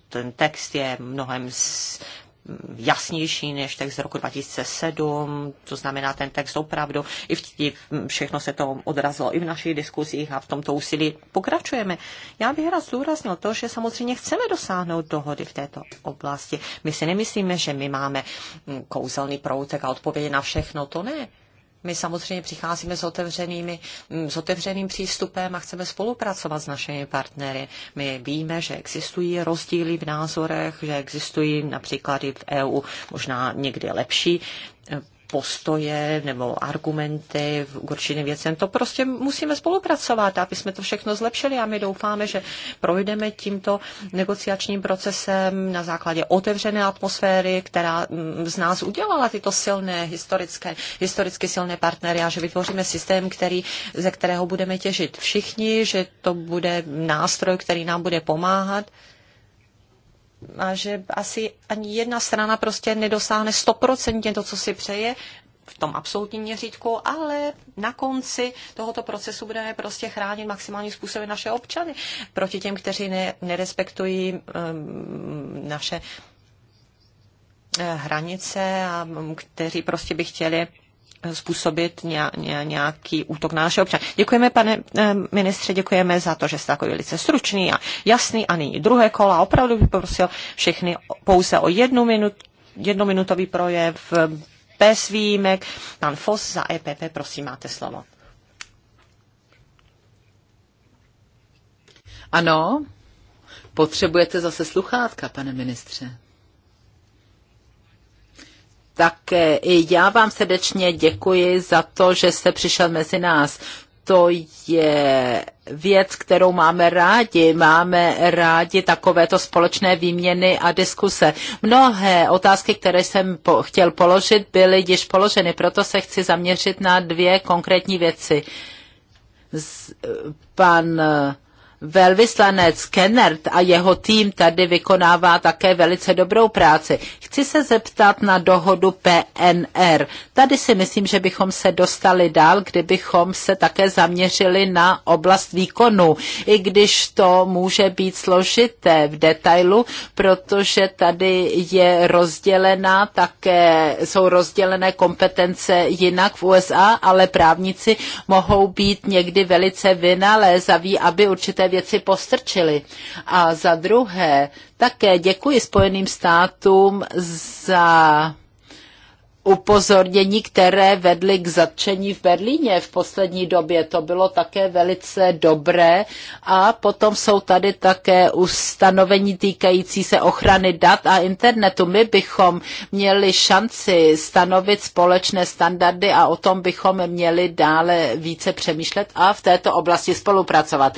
Ten text je mnohem jasnější než text z roku 2007, to znamená ten text opravdu, i v, tí, všechno se to odrazilo i v našich diskuzích a v tomto úsilí pokračujeme. Já bych rád zdůraznil to, že samozřejmě chceme dosáhnout dohody v této oblasti. My si nemyslíme, že my máme mm, kouzelný proutek a odpovědi na všechno, to ne. My samozřejmě přicházíme s, otevřenými, mm, s otevřeným přístupem a chceme spolupracovat s našimi partnery. My víme, že existují rozdíly v názorech, že existují například i v EU možná někdy lepší postoje nebo argumenty v určitým věcem. To prostě musíme spolupracovat, aby jsme to všechno zlepšili a my doufáme, že projdeme tímto negociačním procesem na základě otevřené atmosféry, která mm, z nás udělala tyto silné historické, historicky silné partnery a že vytvoříme systém, který, ze kterého budeme těžit všichni, že to bude nástroj, který nám bude pomáhat a že asi ani jedna strana prostě nedosáhne stoprocentně to, co si přeje v tom absolutním měřítku, ale na konci tohoto procesu budeme prostě chránit maximální způsoby naše občany proti těm, kteří ne, nerespektují um, naše eh, hranice a mm, kteří prostě by chtěli způsobit nějaký útok na naše občany. Děkujeme, pane eh, ministře, děkujeme za to, že jste takový velice stručný a jasný. A nyní druhé kola. Opravdu bych poprosil všechny pouze o jednu minut, jednominutový projev bez výjimek. Pan Fos za EPP, prosím, máte slovo. Ano, potřebujete zase sluchátka, pane ministře také i já vám srdečně děkuji za to, že jste přišel mezi nás. To je věc, kterou máme rádi. Máme rádi takovéto společné výměny a diskuse. Mnohé otázky, které jsem po, chtěl položit, byly již položeny, proto se chci zaměřit na dvě konkrétní věci. Z, pan Velvyslanec Kennert a jeho tým tady vykonává také velice dobrou práci. Chci se zeptat na dohodu PNR. Tady si myslím, že bychom se dostali dál, kdybychom se také zaměřili na oblast výkonu, i když to může být složité v detailu, protože tady je rozdělená také, jsou rozdělené kompetence jinak v USA, ale právníci mohou být někdy velice vynalézaví, aby určité věci postrčili. A za druhé, také děkuji Spojeným státům za upozornění, které vedly k zatčení v Berlíně v poslední době. To bylo také velice dobré. A potom jsou tady také ustanovení týkající se ochrany dat a internetu. My bychom měli šanci stanovit společné standardy a o tom bychom měli dále více přemýšlet a v této oblasti spolupracovat.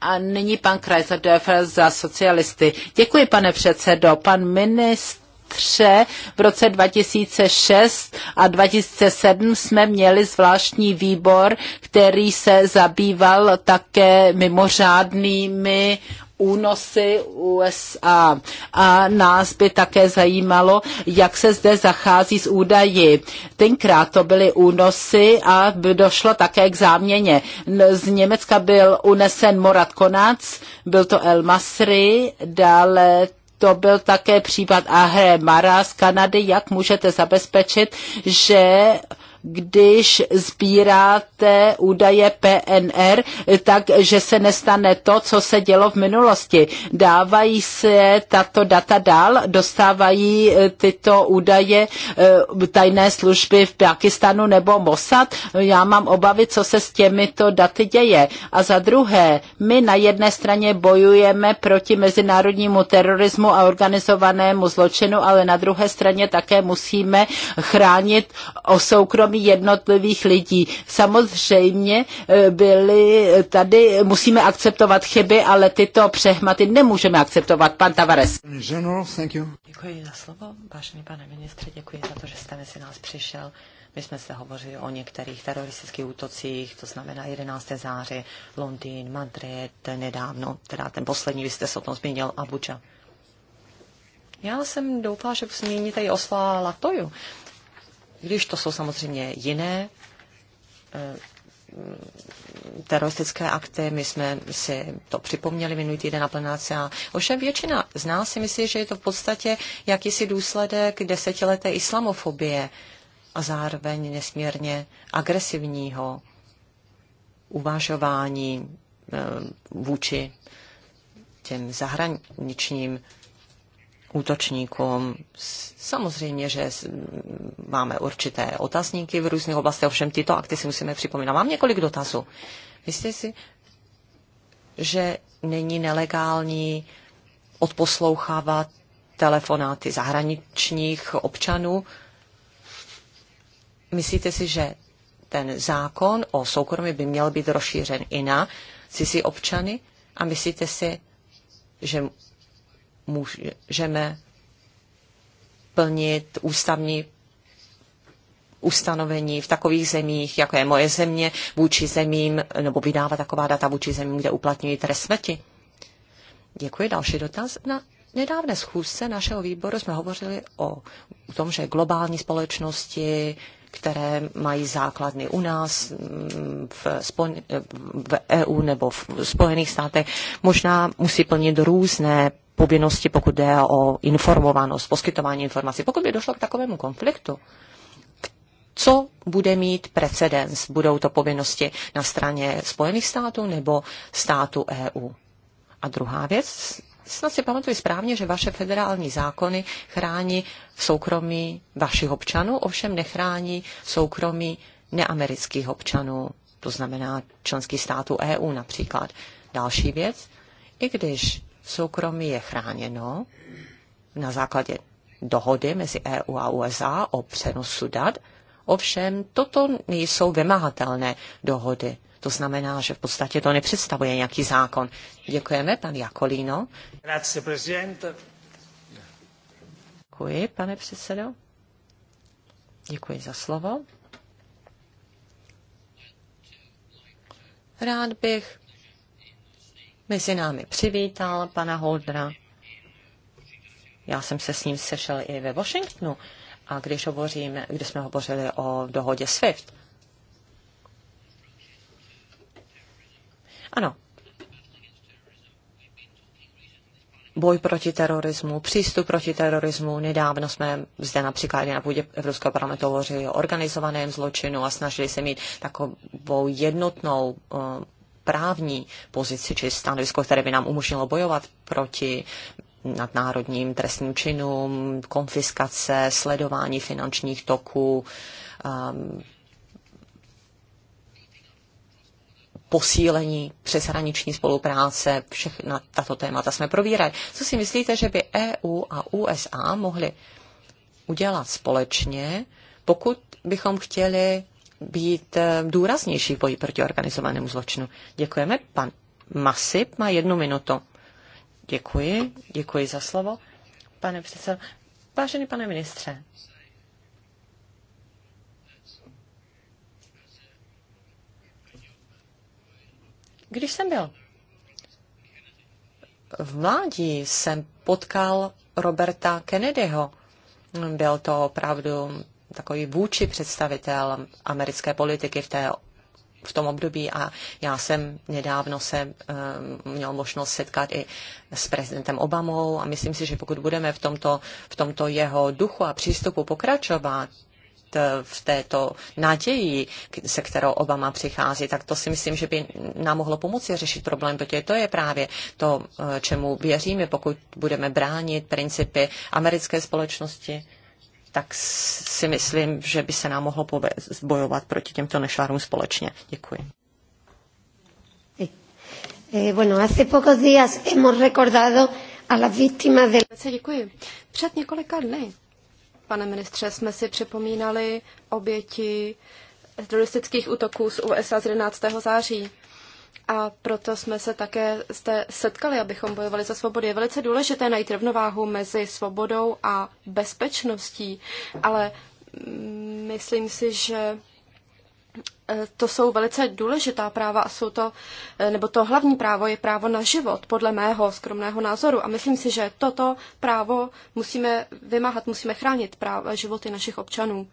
A nyní pan Kreisler za socialisty. Děkuji, pane předsedo. Pan ministr v roce 2006 a 2007 jsme měli zvláštní výbor, který se zabýval také mimořádnými únosy USA. A nás by také zajímalo, jak se zde zachází s údaji. Tenkrát to byly únosy a došlo také k záměně. Z Německa byl unesen Morat Konac, byl to El Masry, dále to byl také případ Ahre Mara z Kanady. Jak můžete zabezpečit, že když sbíráte údaje PNR, takže se nestane to, co se dělo v minulosti. Dávají se tato data dál, dostávají eh, tyto údaje eh, tajné služby v Pakistanu nebo Mossad. Já mám obavy, co se s těmito daty děje. A za druhé, my na jedné straně bojujeme proti mezinárodnímu terorismu a organizovanému zločinu, ale na druhé straně také musíme chránit o soukromí zdraví jednotlivých lidí. Samozřejmě eh, byly eh, tady, musíme akceptovat chyby, ale tyto přehmaty nemůžeme akceptovat. Pan Tavares. Děkuji za slovo, vážený pane ministře, děkuji za to, že jste mezi nás přišel. My jsme se hovořili o některých teroristických útocích, to znamená 11. září, Londýn, Madrid, nedávno, teda ten poslední, vy jste se o tom zmínil, Abuja. Já jsem doufala, že zmíníte i Osla Latoju, když to jsou samozřejmě jiné eh, teroristické akty, my jsme si to připomněli minulý týden na plenáci a ovšem většina z nás si myslí, že je to v podstatě jakýsi důsledek desetileté islamofobie a zároveň nesmírně agresivního uvažování eh, vůči těm zahraničním útočníkům. Samozřejmě, že máme určité otazníky v různých oblastech, ovšem tyto akty si musíme připomínat. Mám několik dotazů. Myslíte si, že není nelegální odposlouchávat telefonáty zahraničních občanů? Myslíte si, že ten zákon o soukromí by měl být rozšířen i na cizí občany? A myslíte si, že můžeme plnit ústavní ustanovení v takových zemích, jako je moje země, vůči zemím, nebo vydávat taková data vůči zemím, kde uplatňují trest smrti. Děkuji. Další dotaz. Na nedávné schůzce našeho výboru jsme hovořili o tom, že globální společnosti, které mají základny u nás mm, v, v EU nebo v Spojených státech, možná musí plnit různé povinnosti, pokud jde o informovanost, poskytování informací. Pokud by došlo k takovému konfliktu, co bude mít precedens? Budou to povinnosti na straně Spojených států nebo státu EU? A druhá věc, snad si pamatuju správně, že vaše federální zákony chrání soukromí vašich občanů, ovšem nechrání soukromí neamerických občanů, to znamená členských států EU například. Další věc, i když soukromí je chráněno na základě dohody mezi EU a USA o přenosu dat. Ovšem, toto nejsou vymahatelné dohody. To znamená, že v podstatě to nepředstavuje nějaký zákon. Děkujeme, pan Jakolíno. Grazie, presidente. Děkuji, pane předsedo. Děkuji za slovo. Rád bych mezi námi přivítal pana Holdra. Já jsem se s ním sešel i ve Washingtonu, a když, hovoříme, když jsme hovořili o dohodě SWIFT. Ano, boj proti terorismu, přístup proti terorismu. Nedávno jsme zde například na půdě Evropského parlamentu hovořili o organizovaném zločinu a snažili se mít takovou jednotnou eh, právní pozici či stanovisko, které by nám umožnilo bojovat proti nadnárodním trestním činům, konfiskace, sledování finančních toků, um, posílení přeshraniční spolupráce, všechna tato témata jsme probírali. Co si myslíte, že by EU a USA mohly udělat společně, pokud bychom chtěli být eh, důraznější v boji proti organizovanému zločinu. Děkujeme. Pan Masip má jednu minutu. Děkuji, děkuji za slovo. Pane předsedo, vážený pane ministře, Když jsem byl v mládí, jsem potkal Roberta Kennedyho. Byl to opravdu takový vůči představitel americké politiky v té v tom období a já jsem nedávno se um, měl možnost setkat i s prezidentem Obamou a myslím si, že pokud budeme v tomto, v tomto jeho duchu a přístupu pokračovat, eh, v této naději, se kterou Obama přichází, tak to si myslím, že by nám mohlo pomoci řešit problém, protože to je právě to, eh, čemu věříme, pokud budeme bránit principy americké společnosti tak si myslím, že by se nám mohlo bojovat proti těmto nešvarům společně. Děkuji. Eh, bueno, hace pocos días hemos recordado a las víctimas de... Děkuji. Před několika dny, pane ministře, jsme si připomínali oběti teroristických útoků z USA z 11. září a proto jsme se také zde setkali, abychom bojovali za svobodu. Je velice důležité najít rovnováhu mezi svobodou a bezpečností, ale myslím si, že e, to jsou velice důležitá práva a jsou to, e, nebo to hlavní právo je právo na život, podle mého skromného názoru. A myslím si, že toto právo musíme vymáhat, musíme chránit práva životy našich občanů.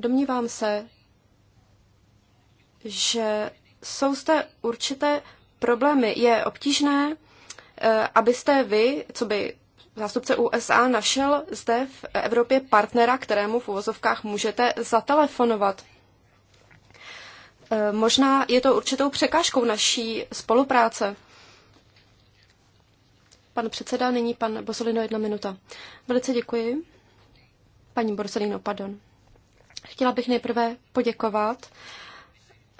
Domnívám se, že jsou zde určité problémy. Je obtížné, eh, abyste vy, co by zástupce USA, našel zde v Evropě partnera, kterému v uvozovkách můžete zatelefonovat. Eh, možná je to určitou překážkou naší spolupráce. Pan předseda, nyní pan Bosolino, jedna minuta. Velice děkuji. Paní Borsolino, pardon. Chtěla bych nejprve poděkovat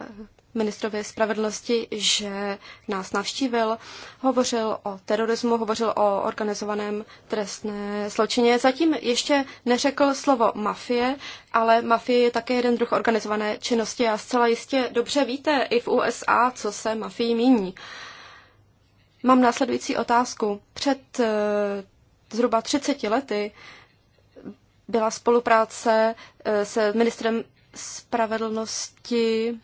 eh, ministrovi spravedlnosti, že nás navštívil, hovořil o terorismu, hovořil o organizovaném trestné zločině. Zatím ještě neřekl slovo mafie, ale mafie je také jeden druh organizované činnosti a zcela jistě dobře víte i v USA, co se mafii míní. Mám následující otázku. Před eh, zhruba 30 lety uh, byla spolupráce eh, s ministrem spravedlnosti,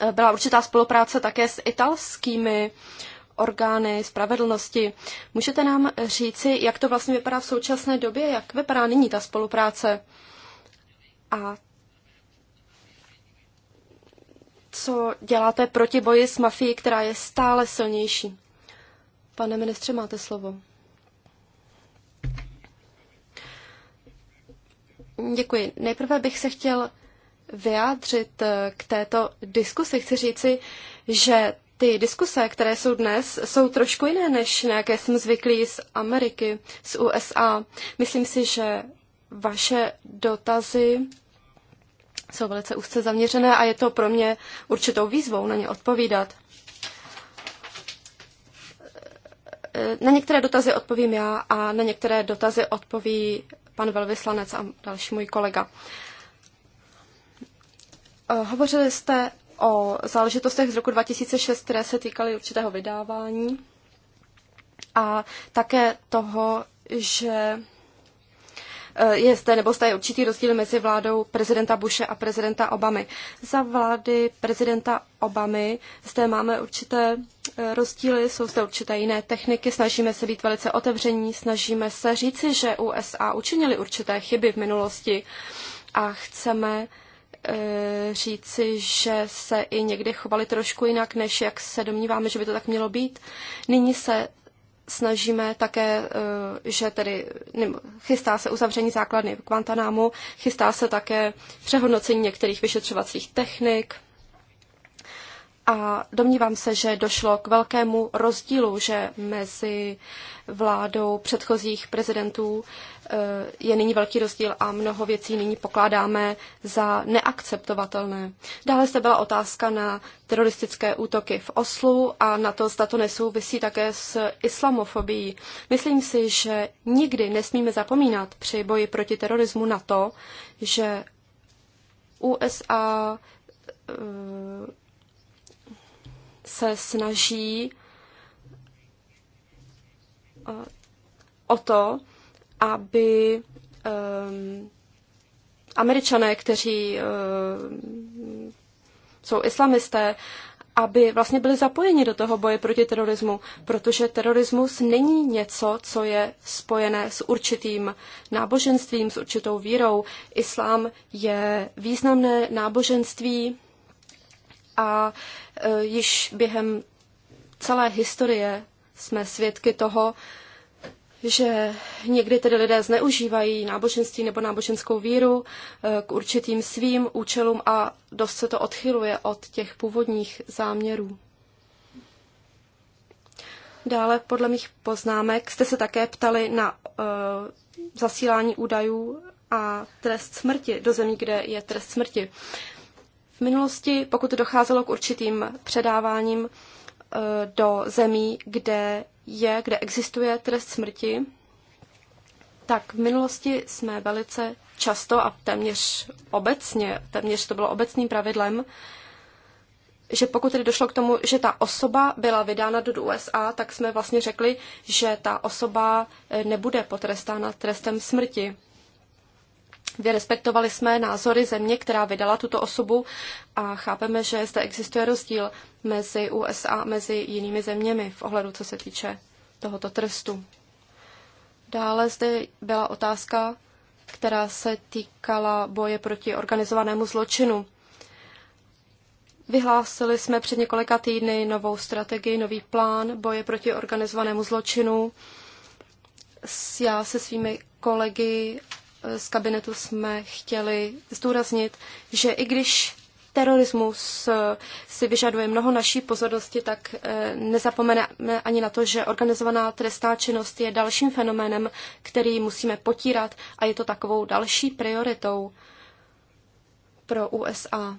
eh, byla určitá spolupráce také s italskými orgány spravedlnosti. Můžete nám říci, jak to vlastně vypadá v současné době, jak vypadá nyní ta spolupráce a co děláte proti boji s mafií, která je stále silnější? Pane ministře, máte slovo. Děkuji. Nejprve bych se chtěl vyjádřit eh, k této diskusi. Chci říci, že ty diskuse, které jsou dnes, jsou trošku jiné, než nějaké jsem zvyklý z Ameriky, z USA. Myslím si, že vaše dotazy jsou velice úzce zaměřené a je to pro mě určitou výzvou na ně odpovídat. Eh, na některé dotazy odpovím já a na některé dotazy odpoví pan velvyslanec a další můj kolega. Eh, hovořili jste o záležitostech z roku 2006, které se týkaly určitého vydávání a také toho, že Eh, je zde, nebo zde je určitý rozdíl mezi vládou prezidenta Bushe a prezidenta Obamy. Za vlády prezidenta Obamy zde máme určité eh, rozdíly, jsou zde určité jiné techniky, snažíme se být velice otevření, snažíme se říci, že USA učinili určité chyby v minulosti a chceme eh, říci, že se i někdy chovali trošku jinak, než jak se domníváme, že by to tak mělo být. Nyní se snažíme také, eh, že tedy chystá se uzavření základny v Guantanámu, chystá se také přehodnocení některých vyšetřovacích technik, a domnívám se, že došlo k velkému rozdílu, že mezi vládou předchozích prezidentů eh, je nyní velký rozdíl a mnoho věcí nyní pokládáme za neakceptovatelné. Dále se byla otázka na teroristické útoky v Oslu a na to, zda to nesouvisí také s islamofobií. Myslím si, že nikdy nesmíme zapomínat při boji proti terorismu na to, že USA eh, se snaží eh, o to, aby um, američané, kteří um, jsou islamisté, aby vlastně byli zapojeni do toho boje proti terorismu, protože terorismus není něco, co je spojené s určitým náboženstvím, s určitou vírou. Islám je významné náboženství, a e, již během celé historie jsme svědky toho, že někdy tedy lidé zneužívají náboženství nebo náboženskou víru e, k určitým svým účelům a dost se to odchyluje od těch původních záměrů. Dále podle mých poznámek jste se také ptali na uh, zasílání údajů a trest smrti do zemí, kde je trest smrti. V minulosti, pokud docházelo k určitým předáváním eh, do zemí, kde je, kde existuje trest smrti, tak v minulosti jsme velice často a téměř obecně, téměř to bylo obecným pravidlem, že pokud tedy došlo k tomu, že ta osoba byla vydána do USA, tak jsme vlastně řekli, že ta osoba eh, nebude potrestána trestem smrti. Vyrespektovali jsme názory země, která vydala tuto osobu a chápeme, že zde existuje rozdíl mezi USA a mezi jinými zeměmi v ohledu, co se týče tohoto trestu. Dále zde byla otázka, která se týkala boje proti organizovanému zločinu. Vyhlásili jsme před několika týdny novou strategii, nový plán boje proti organizovanému zločinu. Já se svými kolegy z kabinetu jsme chtěli zdůraznit, že i když terorismus eh, si vyžaduje mnoho naší pozornosti, tak eh, nezapomeneme ani na to, že organizovaná trestná činnost je dalším fenoménem, který musíme potírat a je to takovou další prioritou pro USA.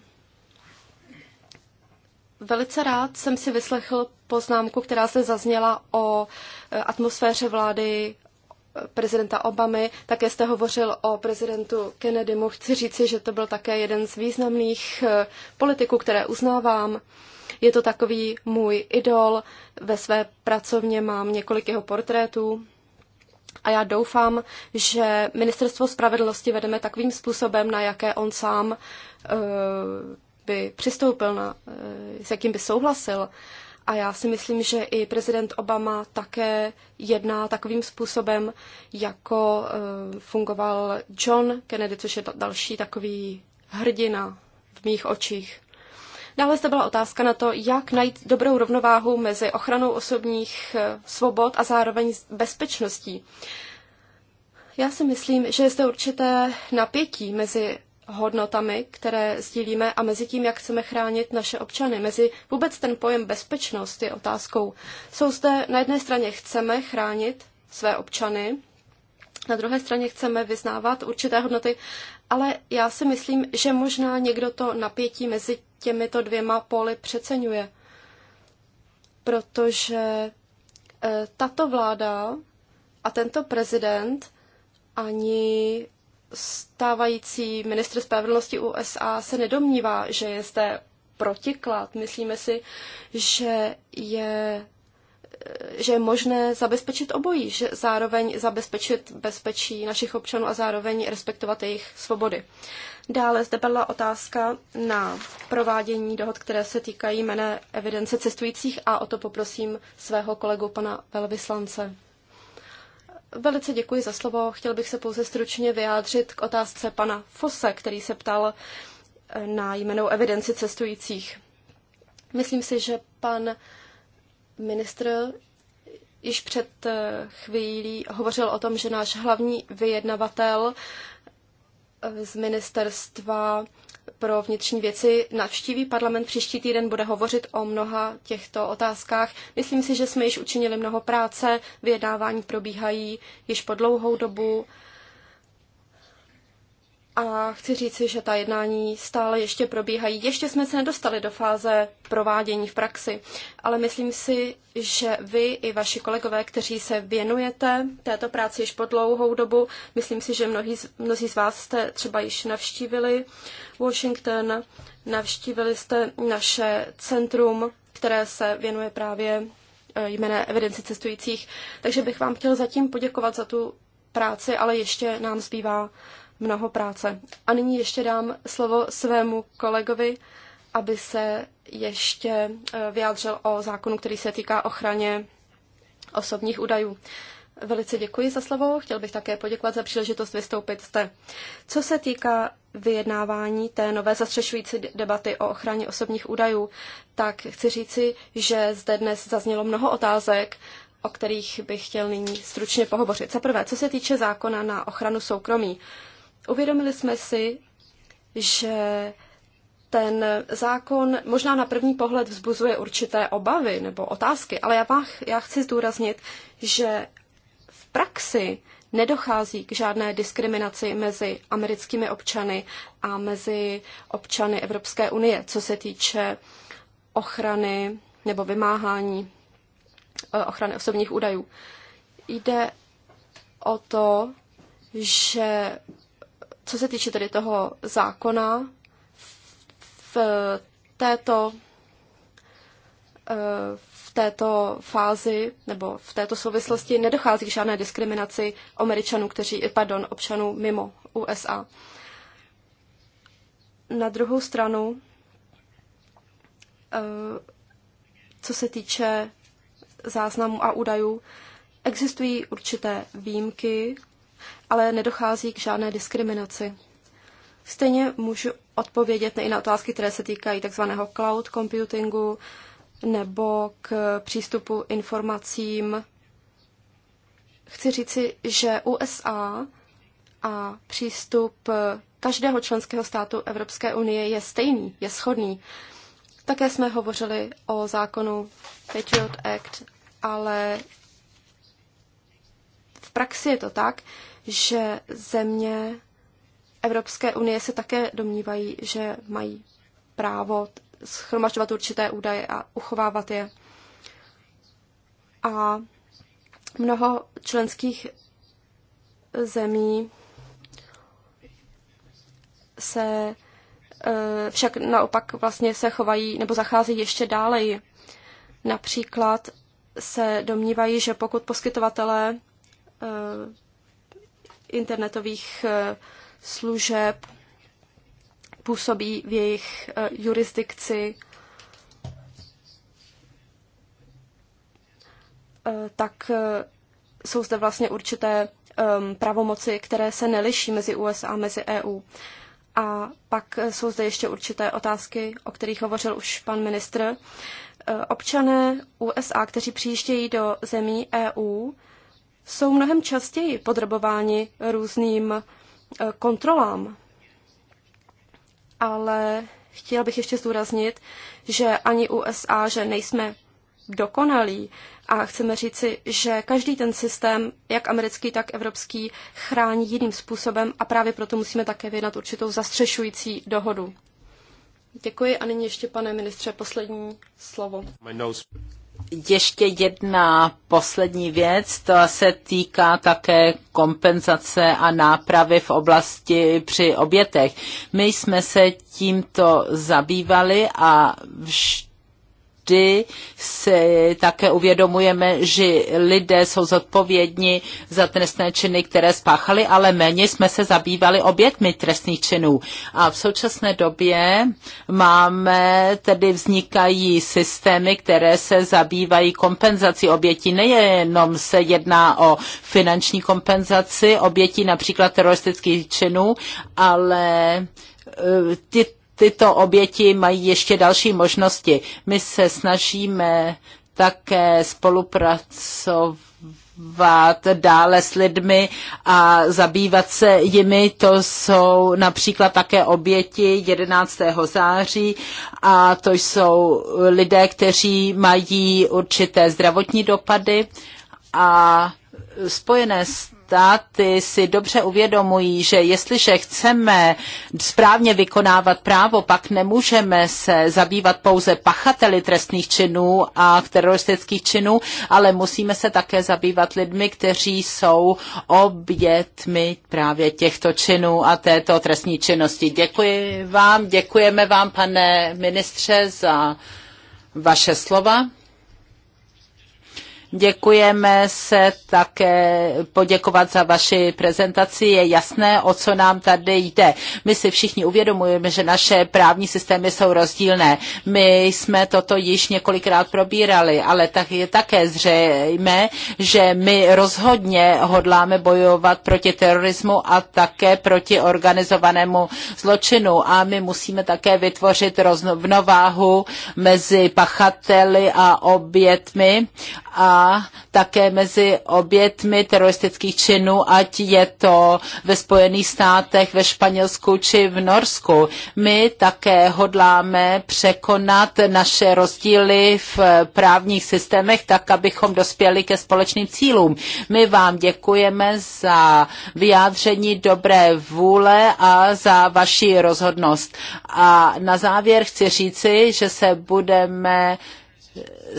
Velice rád jsem si vyslechl poznámku, která se zazněla o eh, atmosféře vlády prezidenta Obamy, také jste hovořil o prezidentu Kennedymu. Chci říci, že to byl také jeden z významných eh, politiků, které uznávám. Je to takový můj idol. Ve své pracovně mám několik jeho portrétů. A já doufám, že ministerstvo spravedlnosti vedeme takovým způsobem, na jaké on sám eh, by přistoupil, na, eh, s jakým by souhlasil. A já si myslím, že i prezident Obama také jedná takovým způsobem, jako eh, fungoval John Kennedy, což je další takový hrdina v mých očích. Dále zde byla otázka na to, jak najít dobrou rovnováhu mezi ochranou osobních eh, svobod a zároveň bezpečností. Já si myslím, že je zde určité napětí mezi hodnotami, které sdílíme a mezi tím, jak chceme chránit naše občany. Mezi vůbec ten pojem bezpečnost je otázkou. Jsou zde na jedné straně chceme chránit své občany, na druhé straně chceme vyznávat určité hodnoty, ale já si myslím, že možná někdo to napětí mezi těmito dvěma póly přeceňuje, protože eh, tato vláda a tento prezident ani stávající ministr spravedlnosti USA se nedomnívá, že je zde protiklad. Myslíme si, že je eh, že je možné zabezpečit obojí, že zároveň zabezpečit bezpečí našich občanů a zároveň respektovat jejich svobody. Dále zde byla otázka na provádění dohod, které se týkají jmené evidence cestujících a o to poprosím svého kolegu pana velvyslance. Velice děkuji za slovo. Chtěl bych se pouze stručně vyjádřit k otázce pana Fosse, který se ptal eh, na jmenou evidenci cestujících. Myslím si, že pan ministr již před eh, chvílí hovořil o tom, že náš hlavní vyjednavatel eh, z ministerstva pro vnitřní věci navštíví parlament příští týden, bude hovořit o mnoha těchto otázkách. Myslím si, že jsme již učinili mnoho práce, vyjednávání probíhají již po dlouhou dobu a chci říci, že ta jednání stále ještě probíhají. Ještě jsme se nedostali do fáze provádění v praxi, ale myslím si, že vy i vaši kolegové, kteří se věnujete této práci již po dlouhou dobu, myslím si, že mnohí, mnozí z vás jste třeba již navštívili Washington, navštívili jste naše centrum, které se věnuje právě eh, jméne evidenci cestujících. Takže bych vám chtěl zatím poděkovat za tu práci, ale ještě nám zbývá mnoho práce. A nyní ještě dám slovo svému kolegovi, aby se ještě eh, vyjádřil o zákonu, který se týká ochraně osobních údajů. Velice děkuji za slovo. Chtěl bych také poděkovat za příležitost vystoupit zde. Co se týká vyjednávání té nové zastřešující debaty o ochraně osobních údajů, tak chci říci, že zde dnes zaznělo mnoho otázek, o kterých bych chtěl nyní stručně pohovořit. Za prvé, co se týče zákona na ochranu soukromí. Uvědomili jsme si, že ten zákon možná na první pohled vzbuzuje určité obavy nebo otázky, ale já, vám já chci zdůraznit, že v praxi nedochází k žádné diskriminaci mezi americkými občany a mezi občany Evropské unie, co se týče ochrany nebo vymáhání eh, ochrany osobních údajů. Jde o to, že co se týče tedy toho zákona, v této, eh, v této fázi nebo v této souvislosti nedochází k žádné diskriminaci američanů, kteří, eh, pardon, občanů mimo USA. Na druhou stranu, eh, co se týče záznamů a údajů, existují určité výjimky ale nedochází k žádné diskriminaci. Stejně můžu odpovědět i na otázky, které se týkají tzv. cloud computingu nebo k přístupu informacím. Chci říci, že USA a přístup každého členského státu Evropské unie je stejný, je shodný. Také jsme hovořili o zákonu Patriot Act, ale v praxi je to tak, že země Evropské unie se také domnívají, že mají právo schromažďovat určité údaje a uchovávat je. A mnoho členských zemí se eh, však naopak vlastně se chovají nebo zacházejí ještě dále. Například se domnívají, že pokud poskytovatelé Eh, internetových eh, služeb, působí v jejich eh, jurisdikci. Tak jsou zde vlastně určité ehm, pravomoci, které se neliší mezi USA a mezi EU. A pak jsou zde ještě určité otázky, o kterých hovořil už pan ministr. Občané USA, kteří přijíždějí do zemí EU, jsou mnohem častěji podrobováni různým eh, kontrolám. Ale chtěla bych ještě zdůraznit, že ani USA, že nejsme dokonalí a chceme říci, že každý ten systém, jak americký, tak evropský, chrání jiným způsobem a právě proto musíme také vyjednat určitou zastřešující dohodu. Děkuji a nyní ještě, pane ministře, poslední slovo ještě jedna poslední věc, to se týká také kompenzace a nápravy v oblasti při obětech. My jsme se tímto zabývali a vždy vždy si také uvědomujeme, že lidé jsou zodpovědní za trestné činy, které spáchali, ale méně jsme se zabývali obětmi trestných činů. A v současné době máme, tedy vznikají systémy, které se zabývají kompenzací obětí. Nejenom se jedná o finanční kompenzaci obětí například teroristických činů, ale e, ty tyto oběti mají ještě další možnosti. My se snažíme také spolupracovat dále s lidmi a zabývat se jimi. To jsou například také oběti 11. září a to jsou lidé, kteří mají určité zdravotní dopady a Spojené s státy si dobře uvědomují, že jestliže chceme správně vykonávat právo, pak nemůžeme se zabývat pouze pachateli trestných činů a teroristických činů, ale musíme se také zabývat lidmi, kteří jsou obětmi právě těchto činů a této trestní činnosti. Děkuji vám, děkujeme vám, pane ministře, za vaše slova. Děkujeme se také poděkovat za vaši prezentaci. Je jasné, o co nám tady jde. My si všichni uvědomujeme, že naše právní systémy jsou rozdílné. My jsme toto již několikrát probírali, ale tak je také zřejmé, že my rozhodně hodláme bojovat proti terorismu a také proti organizovanému zločinu. A my musíme také vytvořit rovnováhu mezi pachateli a obětmi. A také mezi obětmi teroristických činů, ať je to ve Spojených státech, ve Španělsku či v Norsku. My také hodláme překonat naše rozdíly v právních systémech, tak abychom dospěli ke společným cílům. My vám děkujeme za vyjádření dobré vůle a za vaši rozhodnost. A na závěr chci říci, že se budeme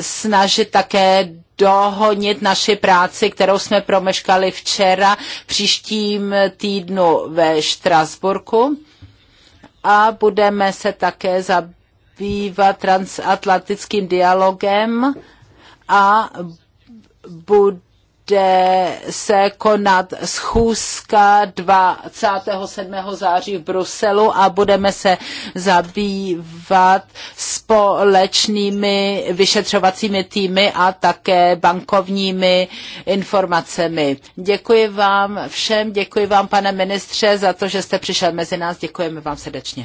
snažit také dohonit naši práci, kterou jsme promeškali včera, příštím týdnu ve Štrasburku a budeme se také zabývat transatlantickým dialogem a budeme bude se konat schůzka 27. září v Bruselu a budeme se zabývat společnými vyšetřovacími týmy a také bankovními informacemi. Děkuji vám všem, děkuji vám, pane ministře, za to, že jste přišel mezi nás. Děkujeme vám srdečně.